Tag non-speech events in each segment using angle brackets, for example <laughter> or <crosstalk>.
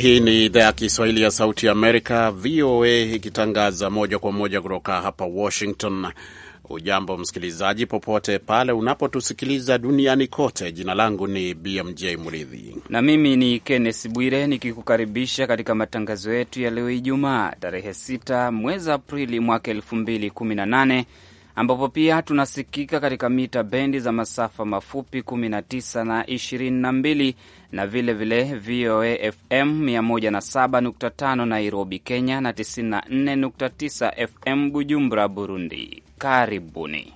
Hii ni idhaa ya Kiswahili ya Sauti ya Amerika, VOA, ikitangaza moja kwa moja kutoka hapa Washington. Ujambo msikilizaji, popote pale unapotusikiliza duniani kote. Jina langu ni BMJ Mridhi na mimi ni Kenneth Bwire nikikukaribisha katika matangazo yetu ya leo Ijumaa tarehe 6 mwezi Aprili mwaka 2018 ambapo pia tunasikika katika mita bendi za masafa mafupi 19 na 22 na vilevile vile VOA FM 107.5 Nairobi, Kenya na 94.9 FM Bujumbura, Burundi. Karibuni.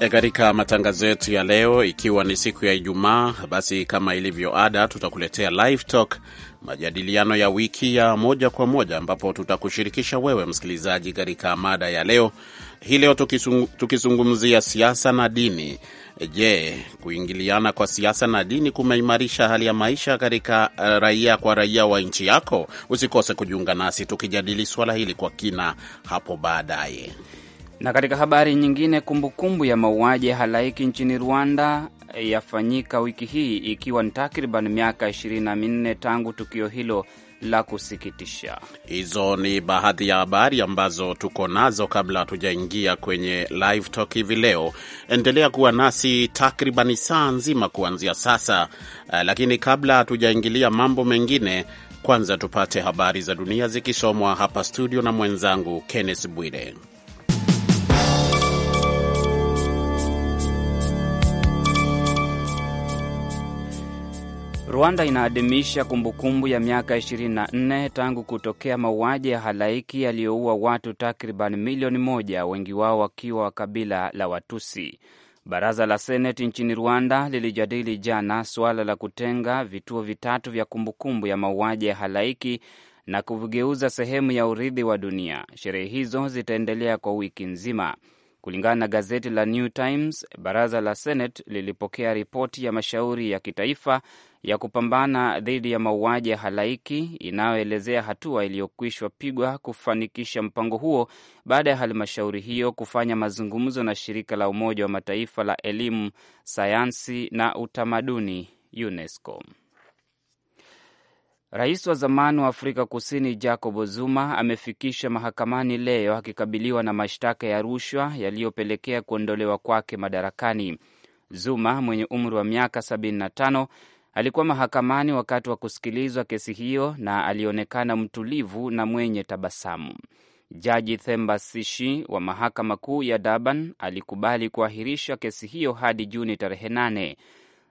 E, katika matangazo yetu ya leo, ikiwa ni siku ya Ijumaa, basi kama ilivyo ada, tutakuletea live talk majadiliano ya wiki ya moja kwa moja, ambapo tutakushirikisha wewe msikilizaji katika mada ya leo hii. Leo tukizungumzia siasa na dini. Je, kuingiliana kwa siasa na dini kumeimarisha hali ya maisha katika eh, raia kwa raia wa nchi yako? Usikose kujiunga nasi tukijadili swala hili kwa kina hapo baadaye. Na katika habari nyingine, kumbukumbu kumbu ya mauaji ya halaiki nchini Rwanda yafanyika wiki hii ikiwa ni takriban miaka 24 tangu tukio hilo la kusikitisha. Hizo ni baadhi ya habari ambazo tuko nazo kabla hatujaingia kwenye live talk hivi leo. Endelea kuwa nasi takribani saa nzima kuanzia sasa, eh, lakini kabla hatujaingilia mambo mengine, kwanza tupate habari za dunia zikisomwa hapa studio na mwenzangu Kenneth Bwire. Rwanda inaadhimisha kumbukumbu ya miaka 24 tangu kutokea mauaji ya halaiki yaliyoua watu takriban milioni moja, wengi wao wakiwa wa kabila la Watusi. Baraza la Seneti nchini Rwanda lilijadili jana suala la kutenga vituo vitatu vya kumbukumbu ya mauaji ya halaiki na kuvigeuza sehemu ya urithi wa dunia. Sherehe hizo zitaendelea kwa wiki nzima. Kulingana na gazeti la New Times, baraza la Seneti lilipokea ripoti ya mashauri ya kitaifa ya kupambana dhidi ya mauaji ya halaiki inayoelezea hatua iliyokwishwa pigwa kufanikisha mpango huo baada ya halmashauri hiyo kufanya mazungumzo na shirika la Umoja wa Mataifa la elimu, sayansi na utamaduni UNESCO. Rais wa zamani wa Afrika Kusini Jacob Zuma amefikisha mahakamani leo akikabiliwa na mashtaka ya rushwa yaliyopelekea kuondolewa kwake madarakani. Zuma mwenye umri wa miaka 75 Alikuwa mahakamani wakati wa kusikilizwa kesi hiyo na alionekana mtulivu na mwenye tabasamu. Jaji Themba Sishi wa mahakama kuu ya Durban alikubali kuahirisha kesi hiyo hadi Juni tarehe nane.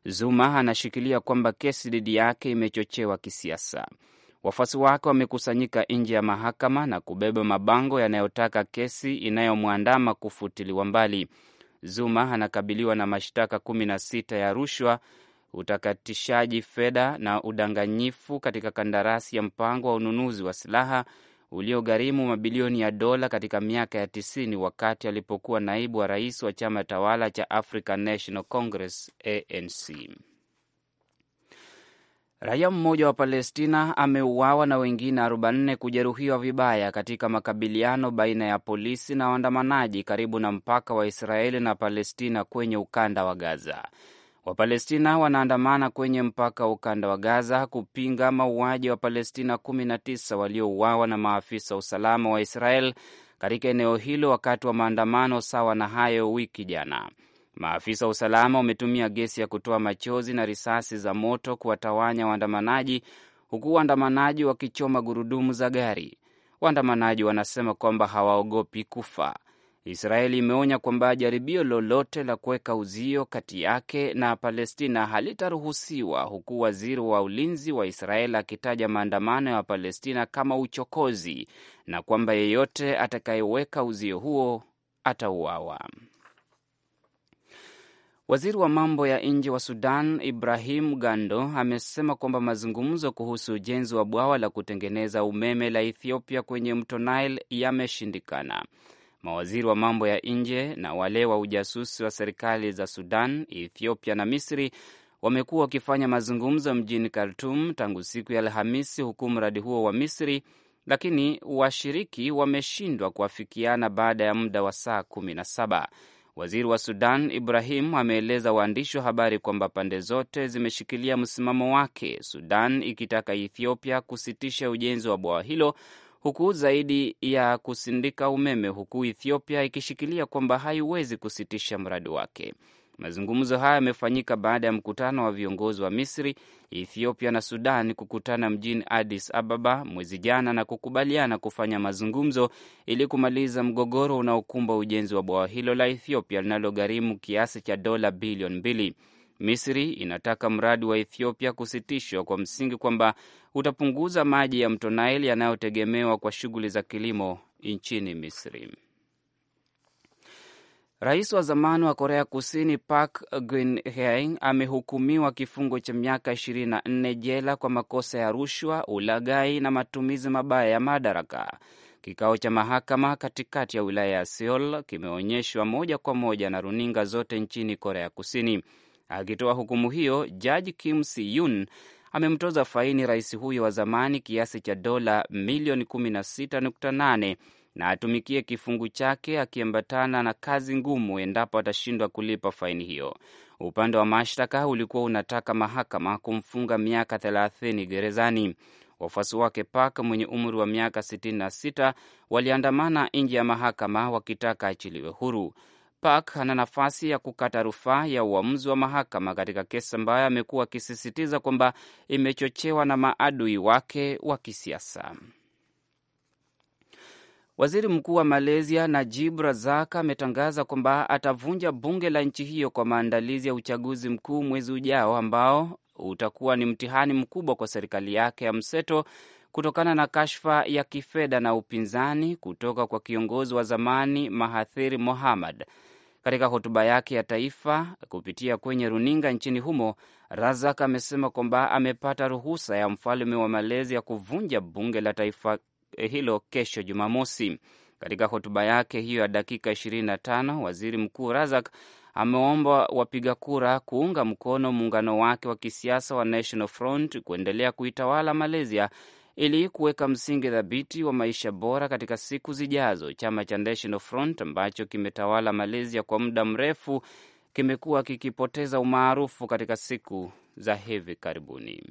Zuma anashikilia kwamba kesi dhidi yake imechochewa kisiasa. Wafuasi wake wamekusanyika nje ya mahakama na kubeba mabango yanayotaka kesi inayomwandama kufutiliwa mbali. Zuma anakabiliwa na mashtaka kumi na sita ya rushwa utakatishaji fedha na udanganyifu katika kandarasi ya mpango wa ununuzi wa silaha uliogharimu mabilioni ya dola katika miaka ya tisini wakati alipokuwa naibu wa rais wa chama tawala cha African National Congress ANC. Raia mmoja wa Palestina ameuawa na wengine 44 kujeruhiwa vibaya katika makabiliano baina ya polisi na waandamanaji karibu na mpaka wa Israeli na Palestina kwenye ukanda wa Gaza. Wapalestina wanaandamana kwenye mpaka wa ukanda wa Gaza kupinga mauaji wa Palestina 19 waliouawa na maafisa wa usalama wa Israel katika eneo hilo wakati wa maandamano sawa na hayo wiki jana. Maafisa wa usalama wametumia gesi ya kutoa machozi na risasi za moto kuwatawanya waandamanaji, huku waandamanaji wakichoma gurudumu za gari. Waandamanaji wanasema kwamba hawaogopi kufa. Israeli imeonya kwamba jaribio lolote la kuweka uzio kati yake na Palestina halitaruhusiwa, huku waziri wa ulinzi wa Israeli akitaja maandamano ya Palestina kama uchokozi na kwamba yeyote atakayeweka uzio huo atauawa. Waziri wa mambo ya nje wa Sudan Ibrahim Gando amesema kwamba mazungumzo kuhusu ujenzi wa bwawa la kutengeneza umeme la Ethiopia kwenye mto Nile yameshindikana mawaziri wa mambo ya nje na wale wa ujasusi wa serikali za Sudan, Ethiopia na Misri wamekuwa wakifanya mazungumzo mjini Khartum tangu siku ya Alhamisi, huku mradi huo wa Misri, lakini washiriki wameshindwa kuafikiana baada ya muda wa saa kumi na saba. Waziri wa Sudan Ibrahim ameeleza waandishi wa habari kwamba pande zote zimeshikilia msimamo wake, Sudan ikitaka Ethiopia kusitisha ujenzi wa bwawa hilo huku zaidi ya kusindika umeme, huku Ethiopia ikishikilia kwamba haiwezi kusitisha mradi wake. Mazungumzo haya yamefanyika baada ya mkutano wa viongozi wa Misri, Ethiopia na Sudan kukutana mjini Addis Ababa mwezi jana na kukubaliana kufanya mazungumzo ili kumaliza mgogoro unaokumba ujenzi wa bwawa hilo la Ethiopia linalogharimu kiasi cha dola bilioni mbili. Misri inataka mradi wa Ethiopia kusitishwa kwa msingi kwamba utapunguza maji ya mto Nile yanayotegemewa kwa shughuli za kilimo nchini Misri. Rais wa zamani wa Korea Kusini Park Geun-hye amehukumiwa kifungo cha miaka 24 jela kwa makosa ya rushwa, ulaghai na matumizi mabaya ya madaraka. Kikao cha mahakama katikati ya wilaya ya Seoul kimeonyeshwa moja kwa moja na runinga zote nchini Korea Kusini. Akitoa hukumu hiyo, jaji Kim Siyun amemtoza faini rais huyo wa zamani kiasi cha dola milioni 16.8 na atumikie kifungu chake akiambatana na kazi ngumu endapo atashindwa kulipa faini hiyo. Upande wa mashtaka ulikuwa unataka mahakama kumfunga miaka 30 gerezani. Wafuasi wake Park mwenye umri wa miaka 66 waliandamana nje ya mahakama wakitaka achiliwe huru. Park ana nafasi ya kukata rufaa ya uamuzi wa mahakama katika kesi ambayo amekuwa akisisitiza kwamba imechochewa na maadui wake wa kisiasa. Waziri Mkuu wa Malaysia Najib Razak ametangaza kwamba atavunja bunge la nchi hiyo kwa maandalizi ya uchaguzi mkuu mwezi ujao ambao utakuwa ni mtihani mkubwa kwa serikali yake ya mseto kutokana na kashfa ya kifedha na upinzani kutoka kwa kiongozi wa zamani Mahathir Mohamad. Katika hotuba yake ya taifa kupitia kwenye runinga nchini humo, Razak amesema kwamba amepata ruhusa ya mfalme wa Malaysia kuvunja bunge la taifa eh, hilo kesho Jumamosi. Katika hotuba yake hiyo ya dakika 25, waziri mkuu Razak ameomba wapiga kura kuunga mkono muungano wake wa kisiasa wa National Front kuendelea kuitawala Malaysia ili kuweka msingi thabiti wa maisha bora katika siku zijazo. Chama cha National Front ambacho kimetawala Malaysia kwa muda mrefu kimekuwa kikipoteza umaarufu katika siku za hivi karibuni.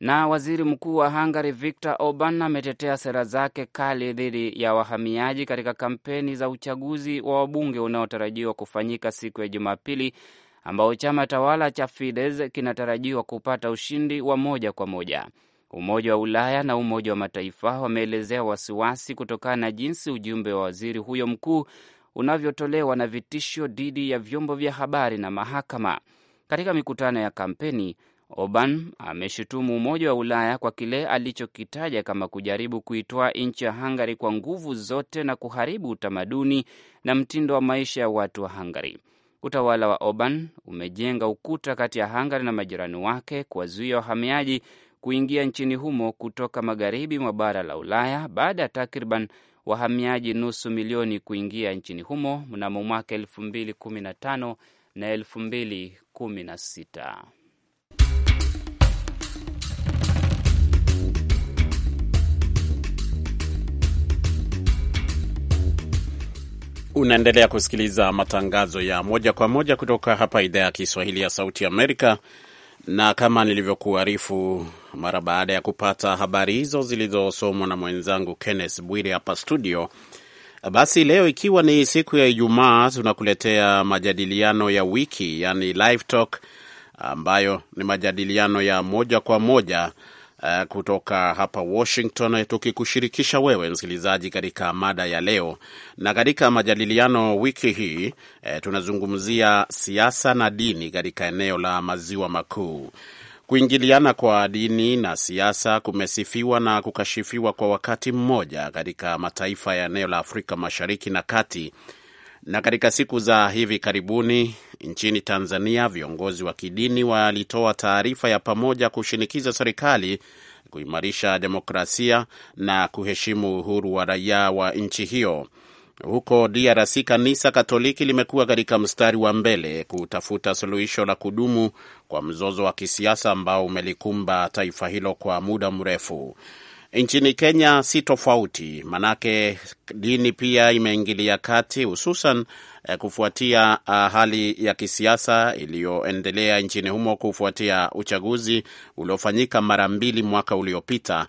Na waziri mkuu wa Hungary Viktor Orban ametetea sera zake kali dhidi ya wahamiaji katika kampeni za uchaguzi wa wabunge unaotarajiwa kufanyika siku ya Jumapili, ambao chama tawala cha Fidesz kinatarajiwa kupata ushindi wa moja kwa moja. Umoja wa Ulaya na Umoja wa Mataifa wameelezea wasiwasi kutokana na jinsi ujumbe wa waziri huyo mkuu unavyotolewa na vitisho dhidi ya vyombo vya habari na mahakama. Katika mikutano ya kampeni, Orban ameshutumu Umoja wa Ulaya kwa kile alichokitaja kama kujaribu kuitoa nchi ya Hungary kwa nguvu zote na kuharibu utamaduni na mtindo wa maisha ya watu wa Hungary. Utawala wa Orban umejenga ukuta kati ya Hungary na majirani wake, kuwazuia wahamiaji kuingia nchini humo kutoka magharibi mwa bara la Ulaya baada ya takriban wahamiaji nusu milioni kuingia nchini humo mnamo mwaka 2015 na 2016. Unaendelea kusikiliza matangazo ya moja kwa moja kutoka hapa idhaa ya Kiswahili ya Sauti Amerika na kama nilivyokuarifu mara baada ya kupata habari hizo zilizosomwa na mwenzangu Kenneth Bwire hapa studio, basi leo ikiwa ni siku ya Ijumaa, tunakuletea majadiliano ya wiki, yani live talk, ambayo ni majadiliano ya moja kwa moja uh, kutoka hapa Washington, tukikushirikisha wewe msikilizaji katika mada ya leo. Na katika majadiliano wiki hii uh, tunazungumzia siasa na dini katika eneo la maziwa makuu. Kuingiliana kwa dini na siasa kumesifiwa na kukashifiwa kwa wakati mmoja katika mataifa ya eneo la Afrika Mashariki na Kati na katika siku za hivi karibuni nchini Tanzania, viongozi wa kidini walitoa taarifa ya pamoja kushinikiza serikali kuimarisha demokrasia na kuheshimu uhuru wa raia wa nchi hiyo. Huko DRC, kanisa Katoliki limekuwa katika mstari wa mbele kutafuta suluhisho la kudumu kwa mzozo wa kisiasa ambao umelikumba taifa hilo kwa muda mrefu. Nchini Kenya si tofauti, manake dini pia imeingilia kati, hususan eh, kufuatia ah, hali ya kisiasa iliyoendelea nchini humo kufuatia uchaguzi uliofanyika mara mbili mwaka uliopita,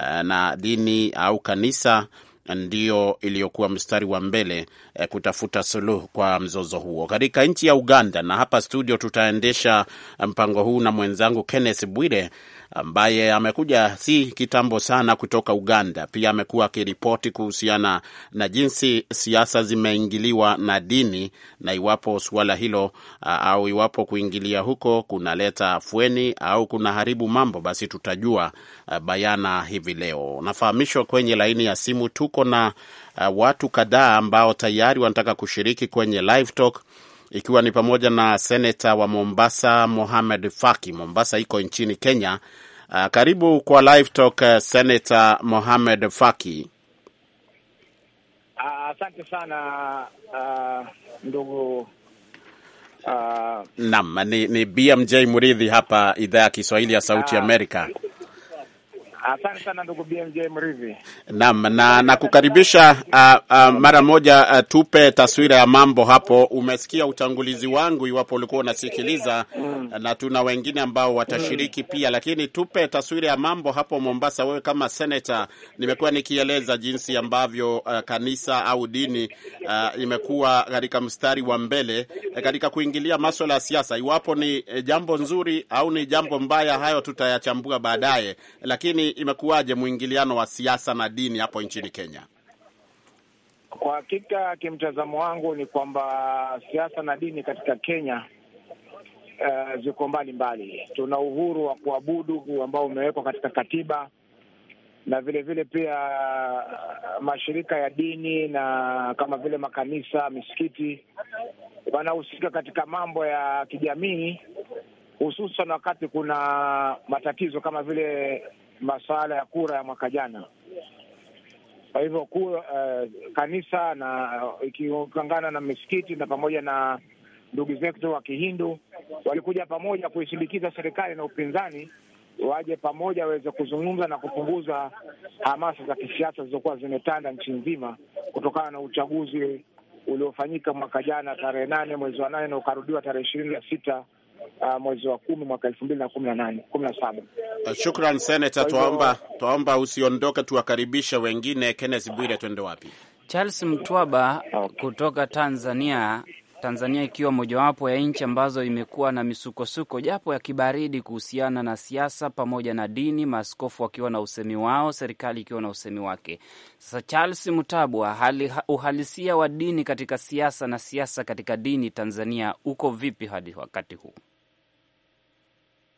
eh, na dini au kanisa ndiyo iliyokuwa mstari wa mbele eh, kutafuta suluhu kwa mzozo huo katika nchi ya Uganda. Na hapa studio tutaendesha eh, mpango huu na mwenzangu Kenneth Bwire ambaye amekuja si kitambo sana kutoka Uganda. Pia amekuwa akiripoti kuhusiana na jinsi siasa zimeingiliwa na dini na iwapo suala hilo au iwapo kuingilia huko kunaleta afueni au kuna haribu mambo, basi tutajua bayana hivi leo. Nafahamishwa kwenye laini ya simu tuko na watu kadhaa ambao tayari wanataka kushiriki kwenye live talk ikiwa ni pamoja na seneta wa Mombasa Mohamed Faki. Mombasa iko nchini Kenya. Uh, karibu kwa live talk uh, seneta Mohamed Faki. Ah, asante uh, sana uh, ndugu uh, nam ni, ni BMJ Muridhi hapa idhaa ya Kiswahili ya Sauti uh, Amerika. Asante sana ndugu BMJ mrivi Naam, na nakukaribisha na uh, uh, mara moja uh, tupe taswira ya mambo hapo. Umesikia utangulizi wangu, iwapo ulikuwa unasikiliza mm. na tuna wengine ambao watashiriki mm. pia, lakini tupe taswira ya mambo hapo Mombasa. Wewe kama senator, nimekuwa nikieleza jinsi ambavyo uh, kanisa au dini uh, imekuwa katika mstari wa mbele eh, katika kuingilia maswala ya siasa. Iwapo ni eh, jambo nzuri au ni jambo mbaya, hayo tutayachambua baadaye, lakini imekuwaje mwingiliano wa siasa na dini hapo nchini Kenya? Kwa hakika, kimtazamo wangu ni kwamba siasa na dini katika Kenya uh, ziko mbali mbali. Tuna uhuru wa kuabudu ambao umewekwa katika katiba na vile vile pia eh, mashirika ya dini na kama vile makanisa, misikiti wanahusika katika mambo ya kijamii, hususan wakati kuna matatizo kama vile masuala ya kura ya mwaka jana. Kwa hivyo uh, kanisa na eh, ikiungana ikikangana na misikiti na pamoja na ndugu zetu wa Kihindu walikuja pamoja kuishindikiza serikali na upinzani waje pamoja waweze kuzungumza na kupunguza hamasa za kisiasa zilizokuwa zimetanda nchi nzima kutokana na uchaguzi uliofanyika mwaka jana tarehe nane mwezi wa nane na ukarudiwa tarehe ishirini na sita uh, mwezi wa kumi mwaka elfu mbili na kumi na nane kumi na saba. Uh, shukran seneta, twaomba twaomba usiondoke, tuwakaribishe wengine. Kenneth Bwire, twende wapi? Charles Mtwaba kutoka Tanzania. Tanzania ikiwa mojawapo ya nchi ambazo imekuwa na misukosuko japo ya kibaridi kuhusiana na siasa pamoja na dini, maaskofu wakiwa na usemi wao, serikali ikiwa na usemi wake. Sasa Charles Mutabwa, hali uhalisia wa dini katika siasa na siasa katika dini Tanzania uko vipi hadi wakati huu?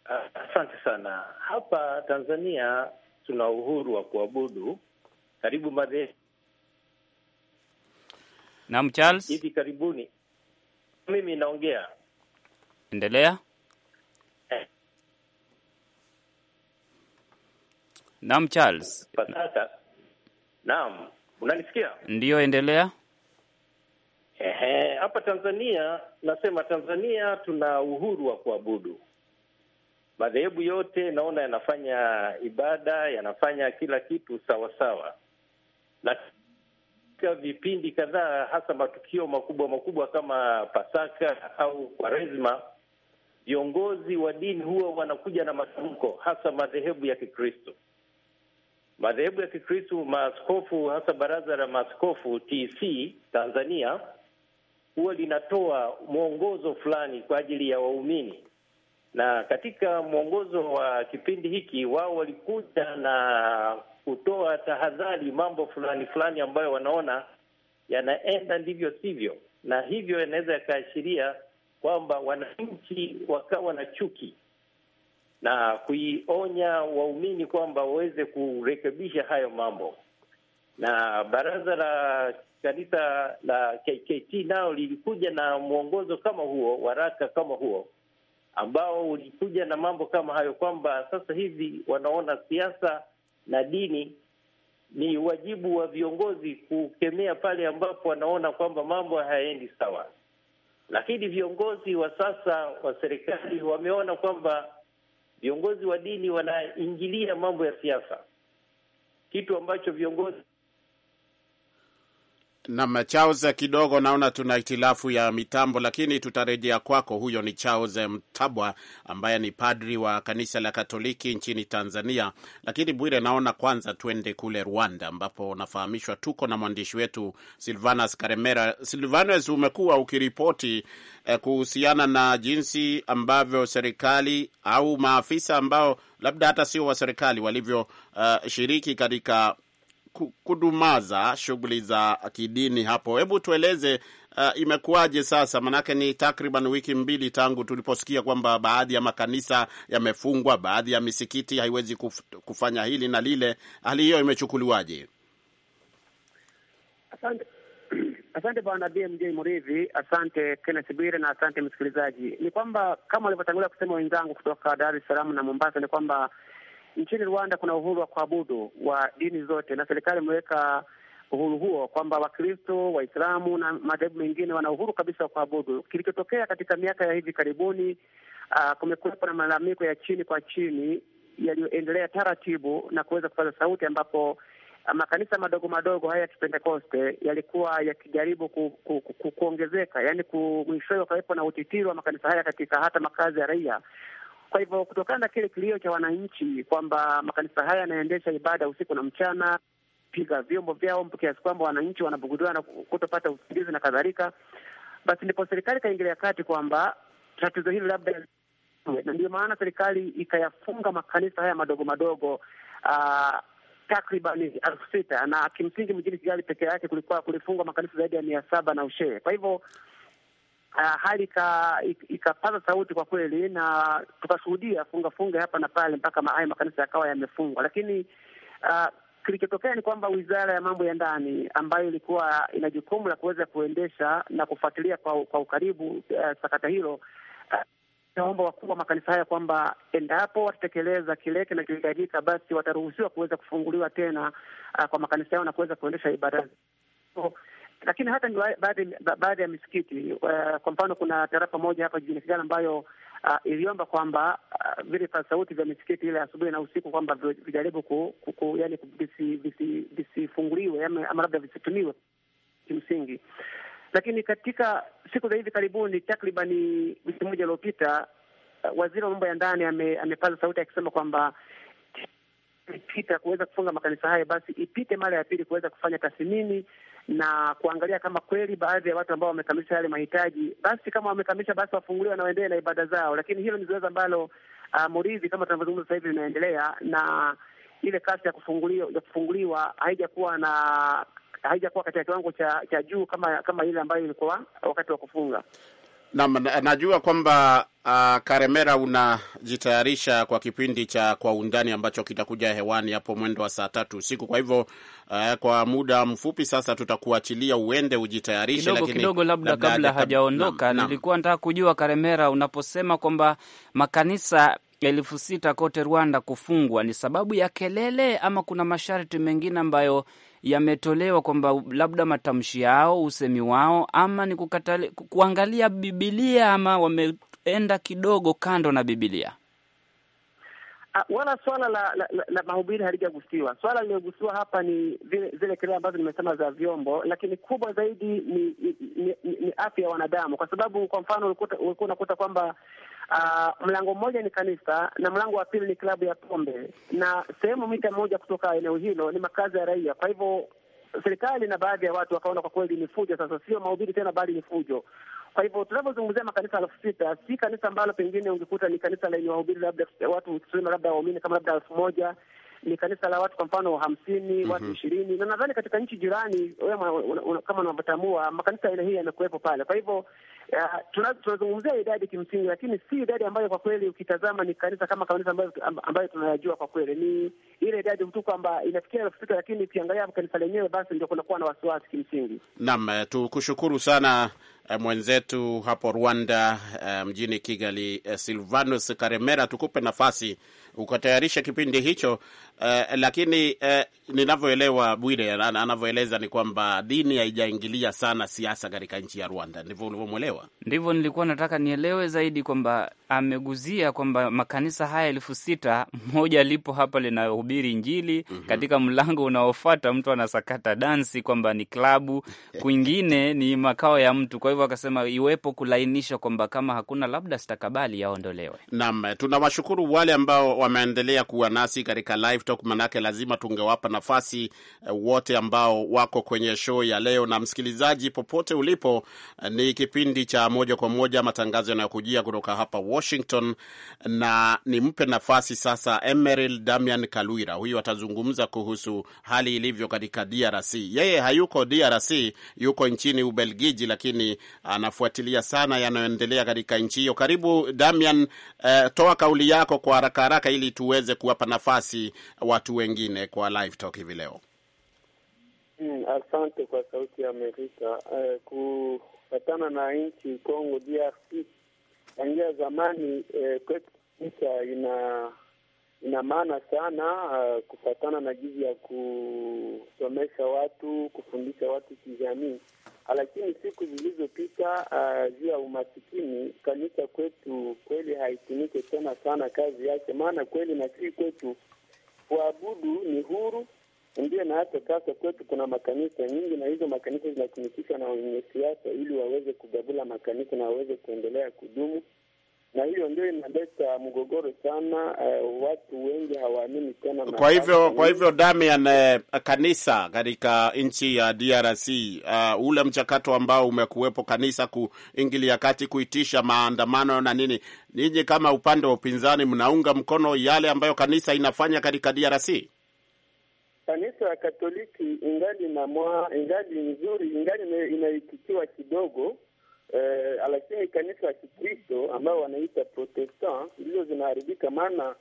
Ah, asante uh, sana. Hapa Tanzania tuna uhuru wa kuabudu karibu madhehebu. nam Charles, hivi karibuni mimi naongea, endelea. Eh. Nam Charles, sasa naam, unanisikia? Ndiyo, endelea. Ehe, hapa Tanzania nasema Tanzania tuna uhuru wa kuabudu madhehebu yote naona yanafanya ibada, yanafanya kila kitu sawasawa, lakini katika vipindi kadhaa, hasa matukio makubwa makubwa kama Pasaka au Kwaresma, viongozi wa dini huwa wanakuja na matamko, hasa madhehebu ya Kikristo. Madhehebu ya Kikristo, maaskofu, hasa baraza la maaskofu TC Tanzania huwa linatoa mwongozo fulani kwa ajili ya waumini na katika mwongozo wa kipindi hiki wao walikuja na kutoa tahadhari mambo fulani fulani ambayo wanaona yanaenda ndivyo sivyo, na hivyo yanaweza yakaashiria kwamba wananchi wakawa na chuki na kuionya waumini kwamba waweze kurekebisha hayo mambo. Na baraza la kanisa la KKT nao lilikuja na mwongozo kama huo, waraka kama huo ambao ulikuja na mambo kama hayo, kwamba sasa hivi wanaona siasa na dini ni wajibu wa viongozi kukemea pale ambapo wanaona kwamba mambo hayaendi sawa. Lakini viongozi wa sasa wa serikali wameona kwamba viongozi wa dini wanaingilia mambo ya siasa, kitu ambacho viongozi Nam Charles, kidogo naona tuna hitilafu ya mitambo, lakini tutarejea kwako. Huyo ni Charles Mtabwa ambaye ni padri wa kanisa la Katoliki nchini Tanzania. Lakini Bwire, naona kwanza tuende kule Rwanda ambapo nafahamishwa tuko na mwandishi wetu Silvanas Karemera. Silvanas, umekuwa ukiripoti eh, kuhusiana na jinsi ambavyo serikali au maafisa ambao labda hata sio wa serikali walivyoshiriki eh, uh, katika kudumaza shughuli za kidini hapo. Hebu tueleze uh, imekuwaje sasa? Manake ni takriban wiki mbili tangu tuliposikia kwamba baadhi ya makanisa yamefungwa, baadhi ya misikiti haiwezi kuf, kufanya hili na lile. Hali hiyo imechukuliwaje? Asante. <clears throat> Asante bwana BMJ Mridhi, asante Kenneth Bwire na asante msikilizaji. Ni kwamba kama walivyotangulia kusema wenzangu kutoka Dar es Salaam na Mombasa, ni kwamba nchini Rwanda kuna uhuru wa kuabudu wa dini zote, na serikali imeweka uhuru huo kwamba Wakristo, Waislamu na madhehebu mengine wana uhuru kabisa wa kuabudu. Kilichotokea katika miaka ya hivi karibuni, uh, kumekuwepo na malalamiko ya chini kwa chini yaliyoendelea taratibu na kuweza kupaza sauti, ambapo ah, makanisa madogo madogo haya ya Kipentekoste yalikuwa yakijaribu ku, ku, ku, ku, kuongezeka, yaani mwishowe wakawepo na utitiri wa makanisa haya katika hata makazi ya raia kwa hivyo kutokana na kile kilio cha wananchi kwamba makanisa haya yanaendesha ibada usiku na mchana, piga vyombo vyao kiasi kwamba wananchi wanabugudiwa na kutopata usingizi na kadhalika, basi ndipo serikali ikaingilia kati kwamba tatizo hili labda na ndio maana serikali ikayafunga makanisa haya madogo madogo uh, takriban elfu sita na kimsingi mjini Kigali peke yake kulikuwa kulifungwa makanisa zaidi ya mia saba na ushee. Kwa hivyo uh, hali ikapaza sauti kwa kweli, na tukashuhudia funga funga hapa na pale mpaka haya makanisa yakawa yamefungwa, lakini uh, kilichotokea ni kwamba wizara ya mambo ya ndani ambayo ilikuwa ina jukumu la kuweza kuendesha na kufuatilia kwa, kwa ukaribu uh, sakata hilo ah, naomba wakuu wa makanisa haya kwamba endapo watatekeleza kile kinachohitajika, basi wataruhusiwa kuweza kufunguliwa tena uh, kwa makanisa yao na kuweza kuendesha ibada so, lakini hata baadhi ya misikiti uh, kwa mfano kuna tarafa moja hapa jijini Kigali ambayo uh, iliomba kwamba uh, vile sauti vya misikiti ile asubuhi na usiku kwamba vijaribu ku, ku, ku, yani visifunguliwe visi, visi ama labda visitumiwe kimsingi lakini katika siku za hivi karibuni, takribani wiki moja iliyopita, ah, waziri wa mambo ya ndani ame, amepaza sauti akisema kwamba ilipita kuweza kufunga makanisa hayo, basi ipite mara ya pili kuweza kufanya tathmini na kuangalia kama kweli baadhi ya watu ambao wamekamilisha yale mahitaji, basi kama wamekamilisha, basi wafunguliwe na waendelee na ibada zao. Lakini hilo ni zoezi ambalo uh, ah, muridhi, kama tunavyozungumza sasa hivi, linaendelea na ile kasi ya kufunguliwa ya kufunguliwa haijakuwa na haijakuwa katika kiwango cha cha juu kama kama ile ambayo ilikuwa wakati wa kufunga. Na, najua kwamba uh, Karemera unajitayarisha kwa kipindi cha Kwa Undani ambacho kitakuja hewani hapo mwendo wa saa tatu usiku. Kwa hivyo uh, kwa muda mfupi sasa tutakuachilia uende ujitayarishe kidogo, lakini kidogo labda, labda kabla hajaondoka, nilikuwa nataka kujua Karemera, unaposema kwamba makanisa elfu sita kote Rwanda kufungwa ni sababu ya kelele ama kuna masharti mengine ambayo yametolewa kwamba labda matamshi yao, usemi wao, ama ni kukatale, kuangalia Bibilia ama wameenda kidogo kando na Bibilia? Ah, wala swala la, la, la, la mahubiri halijagusiwa. Swala lililogusiwa hapa ni zile, zile kelele ambazo nimesema za vyombo, lakini kubwa zaidi ni, ni, ni, ni afya ya wanadamu, kwa sababu kwa mfano ulikuwa unakuta kwamba Uh, mlango mmoja ni kanisa na mlango wa pili ni klabu ya pombe, na sehemu mita moja kutoka eneo hilo ni makazi ya raia. Kwa hivyo serikali na baadhi ya watu wakaona kwa kweli ni fujo. Sasa sio mahubiri tena, bali ni fujo. Kwa hivyo tunavyozungumzia makanisa elfu sita si kanisa ambalo pengine ungekuta ni kanisa lenye wahubiri labda watu tuseme labda waumini kama labda elfu moja ni kanisa la watu kwa mfano hamsini, mm -hmm. watu ishirini, na nadhani katika nchi jirani una, kama unavyotambua makanisa aina hii yanakuwepo pale. Kwa hivyo uh, tunazungumzia idadi kimsingi, lakini si idadi ambayo kwa kweli ukitazama ni kanisa kama kanisa ambayo, ambayo tunayajua kwa kweli, ni ile idadi tu kwamba inafikia elfu sita, lakini ukiangalia kanisa lenyewe basi ndio kunakuwa na wasiwasi kimsingi. Naam, eh, tukushukuru sana eh, mwenzetu hapo Rwanda eh, mjini Kigali, Silvanus Karemera, tukupe nafasi ukatayarisha kipindi hicho Eh, lakini eh, ninavyoelewa Bwire anavyoeleza ni kwamba dini haijaingilia sana siasa katika nchi ya Rwanda. Ndivyo ulivyomwelewa? Ndivyo nilikuwa nataka nielewe zaidi, kwamba ameguzia kwamba makanisa haya elfu sita moja lipo hapa linahubiri Injili mm -hmm. Katika mlango unaofuata mtu anasakata dansi kwamba ni klabu, <laughs> kwingine ni makao ya mtu. Kwa hivyo akasema iwepo kulainisha kwamba kama hakuna labda stakabali yaondolewe. Naam, tunawashukuru wale ambao wameendelea kuwa nasi katika live livetok, manake lazima tungewapa nafasi eh, wote ambao wako kwenye show ya leo. Na msikilizaji, popote ulipo, eh, ni kipindi cha moja kwa moja, matangazo yanayokujia kutoka hapa Washington, na nimpe nafasi sasa Emeril Damian Kalwira. Huyu atazungumza kuhusu hali ilivyo katika DRC. Yeye hayuko DRC, yuko nchini Ubelgiji, lakini anafuatilia sana yanayoendelea katika nchi hiyo. Karibu Damian, eh, toa kauli yako kwa haraka haraka ili tuweze kuwapa nafasi watu wengine kwa live talk hivi leo? Mm, asante kwa Sauti ya Amerika. Uh, kufatana na nchi Congo DRC tangia zamani uh, kwetu kabisa ina ina maana sana uh, kufatana na jizi ya kusomesha watu, kufundisha watu kijamii. Lakini siku zilizopita uh, juu ya umasikini, kanisa kwetu kweli haitumike tena sana kazi yake, maana kweli na si kwetu kuabudu ni huru, ndio. Na hata sasa kwetu kuna makanisa nyingi, na hizo makanisa zinatumikishwa na wenye siasa ili waweze kugabula makanisa na waweze kuendelea kudumu na hiyo ndio inaleta mgogoro sana. Uh, watu wengi hawaamini tena. Kwa hivyo kwa hivyo Damian, uh, kanisa katika nchi ya DRC uh, eh, ule mchakato ambao umekuwepo kanisa kuingilia kati, kuitisha maandamano na nini, ninyi kama upande wa upinzani mnaunga mkono yale ambayo kanisa inafanya katika DRC? Kanisa ya Katoliki ingali na mwa, ingali nzuri, ingali inaitikiwa kidogo eh, lakini kanisa ya Kikristo ambayo wanaita Protestant ndizo zinaharibika, maana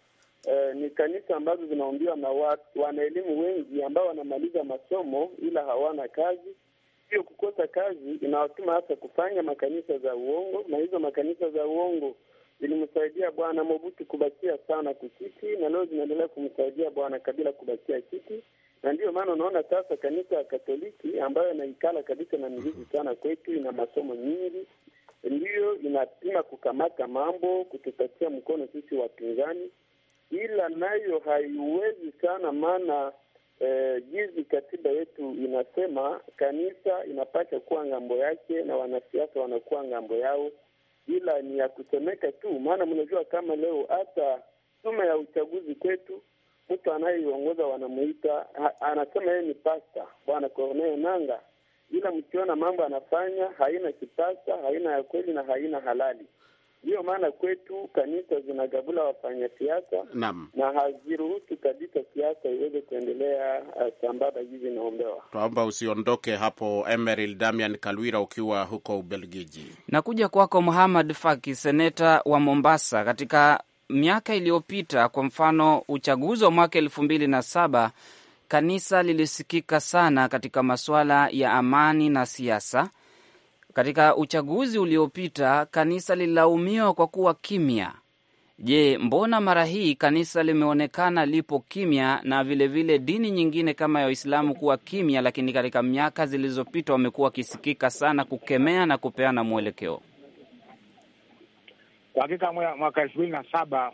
eh, ni kanisa ambazo zinaombiwa na watu wanaelimu wengi ambao wanamaliza masomo ila hawana kazi. Hiyo kukosa kazi inawatuma hasa kufanya makanisa za uongo, na hizo makanisa za uongo zilimsaidia Bwana Mobutu kubakia sana kukiti, na leo zinaendelea kumsaidia Bwana Kabila kubakia kiti na ndiyo maana unaona sasa kanisa ya Katoliki ambayo inaikala kabisa na mizizi mhm. sana kwetu, ina masomo nyingi, ndiyo inapima kukamata mambo, kutupatia mkono sisi wapinzani, ila nayo haiwezi sana, maana eh, katiba yetu inasema kanisa inapasha kuwa ng'ambo yake na wanasiasa wanakuwa ng'ambo yao, ila ni ya kusemeka tu, maana mnajua kama leo hata tume ya uchaguzi kwetu mtu anayeiongoza wanamuita anasema yeye ni pasta, bwana Corneille Nanga, ila mkiona mambo anafanya haina kipasta, haina ya kweli na haina halali. Ndiyo maana kwetu kanisa zinagabula wafanyasiasa na haziruhusu kabisa siasa iweze kuendelea uh, sambamba hivi naombewa. twaomba usiondoke hapo, Emeril Damian Kalwira, ukiwa huko Ubelgiji. Nakuja kwako Muhamad Faki, seneta wa Mombasa. Katika miaka iliyopita, kwa mfano uchaguzi wa mwaka elfu mbili na saba, kanisa lilisikika sana katika masuala ya amani na siasa. Katika uchaguzi uliopita kanisa lililaumiwa kwa kuwa kimya. Je, mbona mara hii kanisa limeonekana lipo kimya na vilevile vile dini nyingine kama ya Waislamu kuwa kimya, lakini katika miaka zilizopita wamekuwa wakisikika sana kukemea na kupeana mwelekeo? Kwa hakika mwaka elfu mbili na saba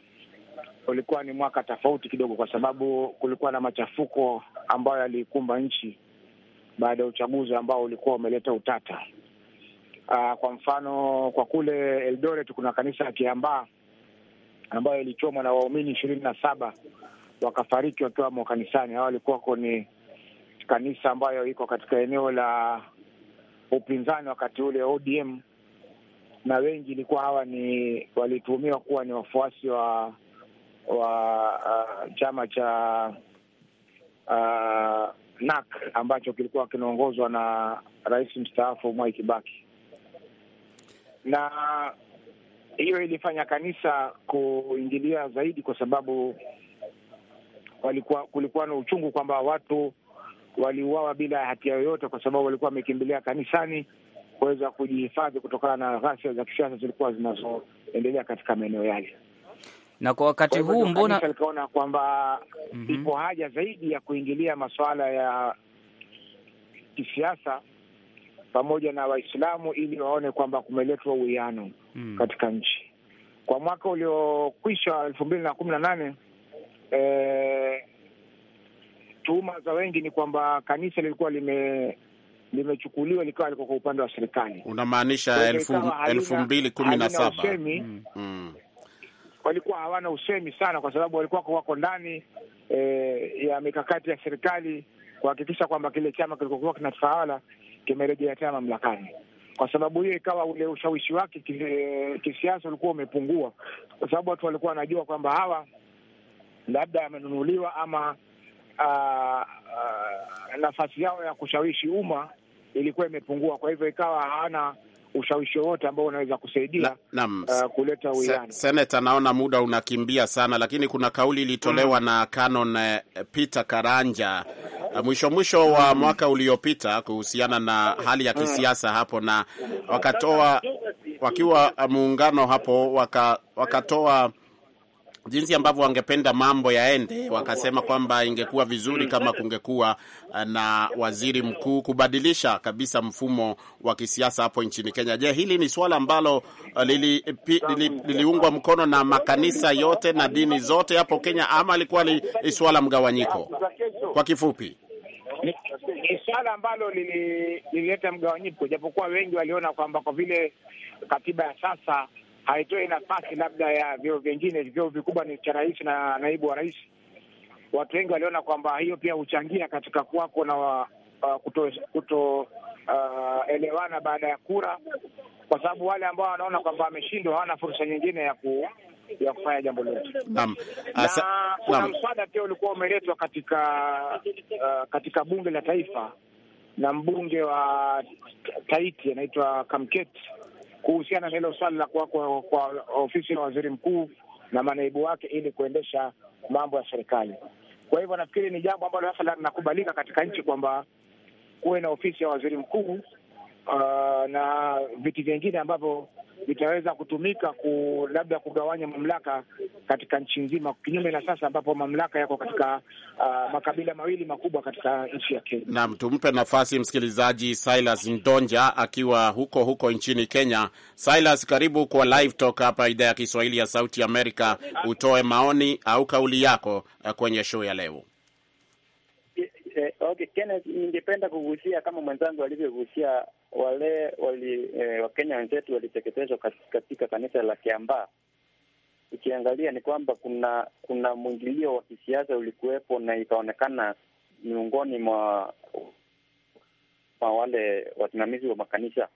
ulikuwa ni mwaka tofauti kidogo, kwa sababu kulikuwa na machafuko ambayo yaliikumba nchi baada ya uchaguzi ambao ulikuwa umeleta utata. Aa, ah, kwa mfano kwa kule Eldoret kuna kanisa ya Kiambaa ambayo ilichomwa na waumini ishirini na saba wakafariki wakiwamo kanisani. Hawa walikuwako ni kanisa ambayo iko katika eneo la upinzani wakati ule ODM na wengi ilikuwa hawa ni walituhumiwa kuwa ni wafuasi wa wa uh, chama cha uh, NAK ambacho kilikuwa kinaongozwa na rais mstaafu Mwai Kibaki, na hiyo ilifanya kanisa kuingilia zaidi, kwa sababu walikuwa kulikuwa na uchungu kwamba watu waliuawa bila hatia yoyote, kwa sababu walikuwa wamekimbilia kanisani kuweza kujihifadhi kutokana na ghasia za kisiasa zilikuwa zinazoendelea katika maeneo yale. Na kwa wakati huu mbona likaona kwamba mm -hmm. ipo haja zaidi ya kuingilia masuala ya kisiasa pamoja na Waislamu ili waone kwamba kumeletwa uwiano mm. katika nchi. Kwa mwaka uliokwisha elfu mbili na kumi na nane eh, tuhuma za wengi ni kwamba kanisa lilikuwa lime limechukuliwa likawa liko kwa upande wa serikali. Unamaanisha elfu mbili kumi na saba mm. Mm. walikuwa hawana usemi sana, kwa sababu walikuwa wako ndani e, ya mikakati ya serikali kuhakikisha kwamba kile chama kilichokuwa kinatawala kimerejea tena mamlakani. Kwa sababu hiyo, ikawa ule ushawishi wake e, kisiasa ulikuwa umepungua, kwa sababu watu walikuwa wanajua kwamba hawa labda amenunuliwa ama nafasi yao ya kushawishi umma ilikuwa imepungua, kwa hivyo ikawa hawana ushawishi wowote ambao unaweza kusaidia na, na, uh, kuleta uwiano. Seneta, naona muda unakimbia sana, lakini kuna kauli ilitolewa mm, na Canon eh, Peter Karanja eh, mwisho mwisho wa mm. mwaka uliopita kuhusiana na hali ya mm. kisiasa hapo, na wakatoa wakiwa eh, muungano hapo waka, wakatoa jinsi ambavyo wangependa mambo yaende. Wakasema kwamba ingekuwa vizuri kama kungekuwa eh, na waziri mkuu kubadilisha kabisa mfumo wa kisiasa hapo nchini Kenya. Je, hili ni suala ambalo eh, liliungwa lili, mkono na makanisa yote na dini zote hapo Kenya, ama alikuwa ni suala mgawanyiko? Kwa kifupi ni, swala ambalo lilileta mgawanyiko, japokuwa wengi waliona kwamba kwa vile katiba ya sasa haitoi nafasi labda ya vyeo vingine. Vyeo vikubwa ni cha rais na naibu wa rais. Watu wengi waliona kwamba hiyo pia huchangia katika kuwako na uh, kutoelewana uh, baada ya kura, kwa sababu wale ambao wanaona kwamba wameshindwa hawana fursa nyingine ya ku ya kufanya jambo lote. Naam, kuna mswada pia ulikuwa umeletwa katika uh, katika bunge la taifa na mbunge wa Taiti anaitwa Kamketi kuhusiana na hilo swali la kuwako kwa ofisi ya waziri mkuu na manaibu wake ili kuendesha mambo ya serikali. Kwa hivyo nafikiri ni jambo ambalo sasa linakubalika katika nchi kwamba kuwe na ofisi ya waziri mkuu uh, na viti vingine ambavyo vitaweza kutumika ku, labda kugawanya mamlaka katika nchi nzima, kinyume na sasa ambapo mamlaka yako katika uh, makabila mawili makubwa katika nchi ya Kenya. Naam, tumpe nafasi msikilizaji Silas Ndonja akiwa huko huko nchini Kenya. Silas, karibu kwa Live Talk hapa idhaa ya Kiswahili ya Sauti Amerika, utoe maoni au kauli yako eh, kwenye show ya leo. Eh, okay, Kenneth, ningependa kugusia kama mwenzangu alivyogusia wale wali, eh, Wakenya wenzetu waliteketezwa katika kanisa la Kiambaa. Ukiangalia ni kwamba kuna kuna mwingilio wa kisiasa ulikuwepo na ikaonekana miongoni mwa, mwa wale wasimamizi wa makanisa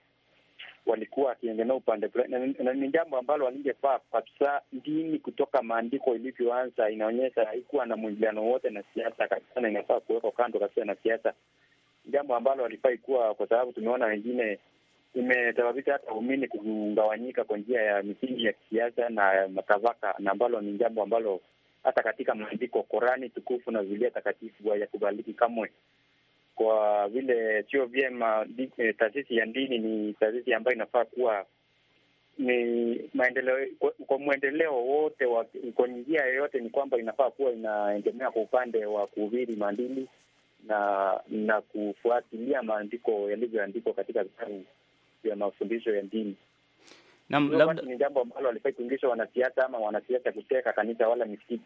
walikuwa wakiengenea upande fulani, na ni jambo ambalo walingefaa kabisa. Dini kutoka maandiko ilivyoanza inaonyesha haikuwa na mwingiliano wote na siasa kabisa, na inafaa kuwekwa kando kabisa na siasa, jambo ambalo walifai kuwa, kwa sababu tumeona wengine imesababisha hata umini kugawanyika kwa njia ya misingi ya kisiasa na makavaka, na ambalo ni jambo ambalo hata katika maandiko Korani tukufu na Biblia takatifu hayakubaliki kamwe kwa vile sio vyema. Eh, taasisi ya dini ni taasisi ambayo inafaa kuwa ni maendeleo kwa, kwa mwendeleo wote wa, kwa njia yoyote ni kwamba inafaa kuwa inaegemea kwa upande wa kuhubiri maandili na na kufuatilia maandiko yalivyoandikwa katika vitabu vya mafundisho ya dini. Ni jambo ambalo walifai kuingisha wanasiasa ama wanasiasa kuteka kanisa wala misikiti,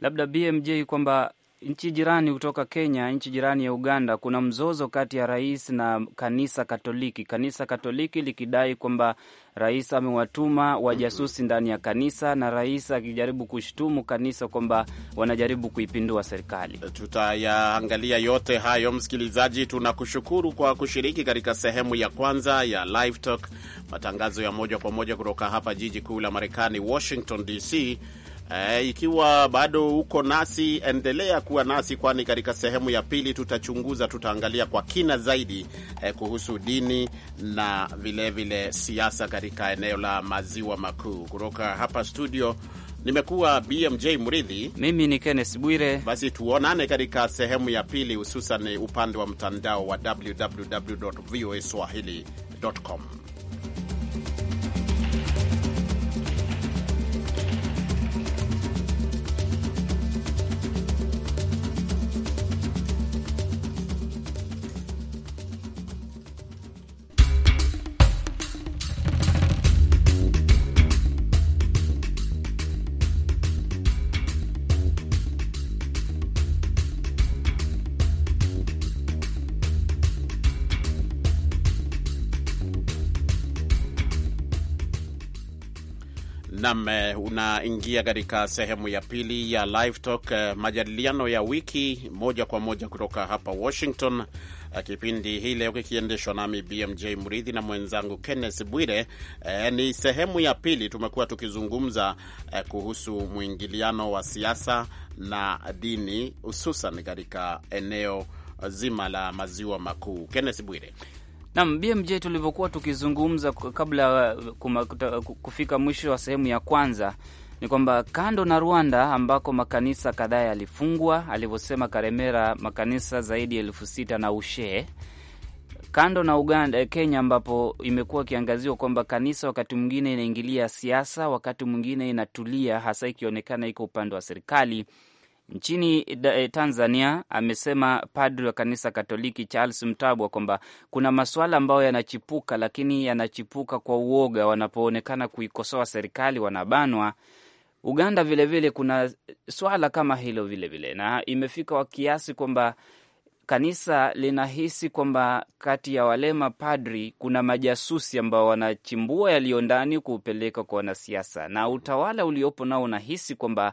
labda BMJ kwamba nchi jirani kutoka Kenya, nchi jirani ya Uganda, kuna mzozo kati ya rais na kanisa Katoliki, kanisa Katoliki likidai kwamba rais amewatuma wajasusi ndani ya kanisa na rais akijaribu kushtumu kanisa kwamba wanajaribu kuipindua serikali. Tutayaangalia yote hayo, msikilizaji. Tunakushukuru kwa kushiriki katika sehemu ya kwanza ya Live Talk, matangazo ya moja kwa moja kutoka hapa jiji kuu la Marekani, Washington DC. E, ikiwa bado uko nasi, endelea kuwa nasi, kwani katika sehemu ya pili tutachunguza, tutaangalia kwa kina zaidi e, kuhusu dini na vilevile siasa katika eneo la maziwa makuu. Kutoka hapa studio nimekuwa BMJ Mridhi, mimi ni Kenneth Bwire. Basi tuonane katika sehemu ya pili, hususan upande wa mtandao wa www voa swahili Nam, eh, unaingia katika sehemu ya pili ya Live Talk, eh, majadiliano ya wiki moja kwa moja kutoka hapa Washington. Eh, kipindi hii leo kikiendeshwa nami BMJ Mridhi na mwenzangu Kenneth Bwire. E, ni sehemu ya pili. Tumekuwa tukizungumza e, kuhusu mwingiliano wa siasa na dini, hususan katika eneo zima la maziwa makuu. Kenneth Bwire, Nam BMJ, tulivyokuwa tukizungumza kabla uh, kufika mwisho wa sehemu ya kwanza ni kwamba kando na Rwanda ambako makanisa kadhaa yalifungwa, alivyosema Karemera, makanisa zaidi ya elfu sita na ushee kando na Uganda, Kenya ambapo imekuwa ikiangaziwa kwamba kanisa wakati mwingine inaingilia siasa, wakati mwingine inatulia, hasa ikionekana iko upande wa serikali nchini eh, Tanzania amesema padri wa kanisa Katoliki Charles Mtabwa kwamba kuna masuala ambayo yanachipuka, lakini yanachipuka kwa uoga. Wanapoonekana kuikosoa serikali wanabanwa. Uganda vilevile vile kuna swala kama hilo vilevile vile, na imefika wa kiasi kwamba kanisa linahisi kwamba kati ya wale mapadri kuna majasusi ambao wanachimbua yaliyo ndani kupeleka kwa wanasiasa, na utawala uliopo nao unahisi kwamba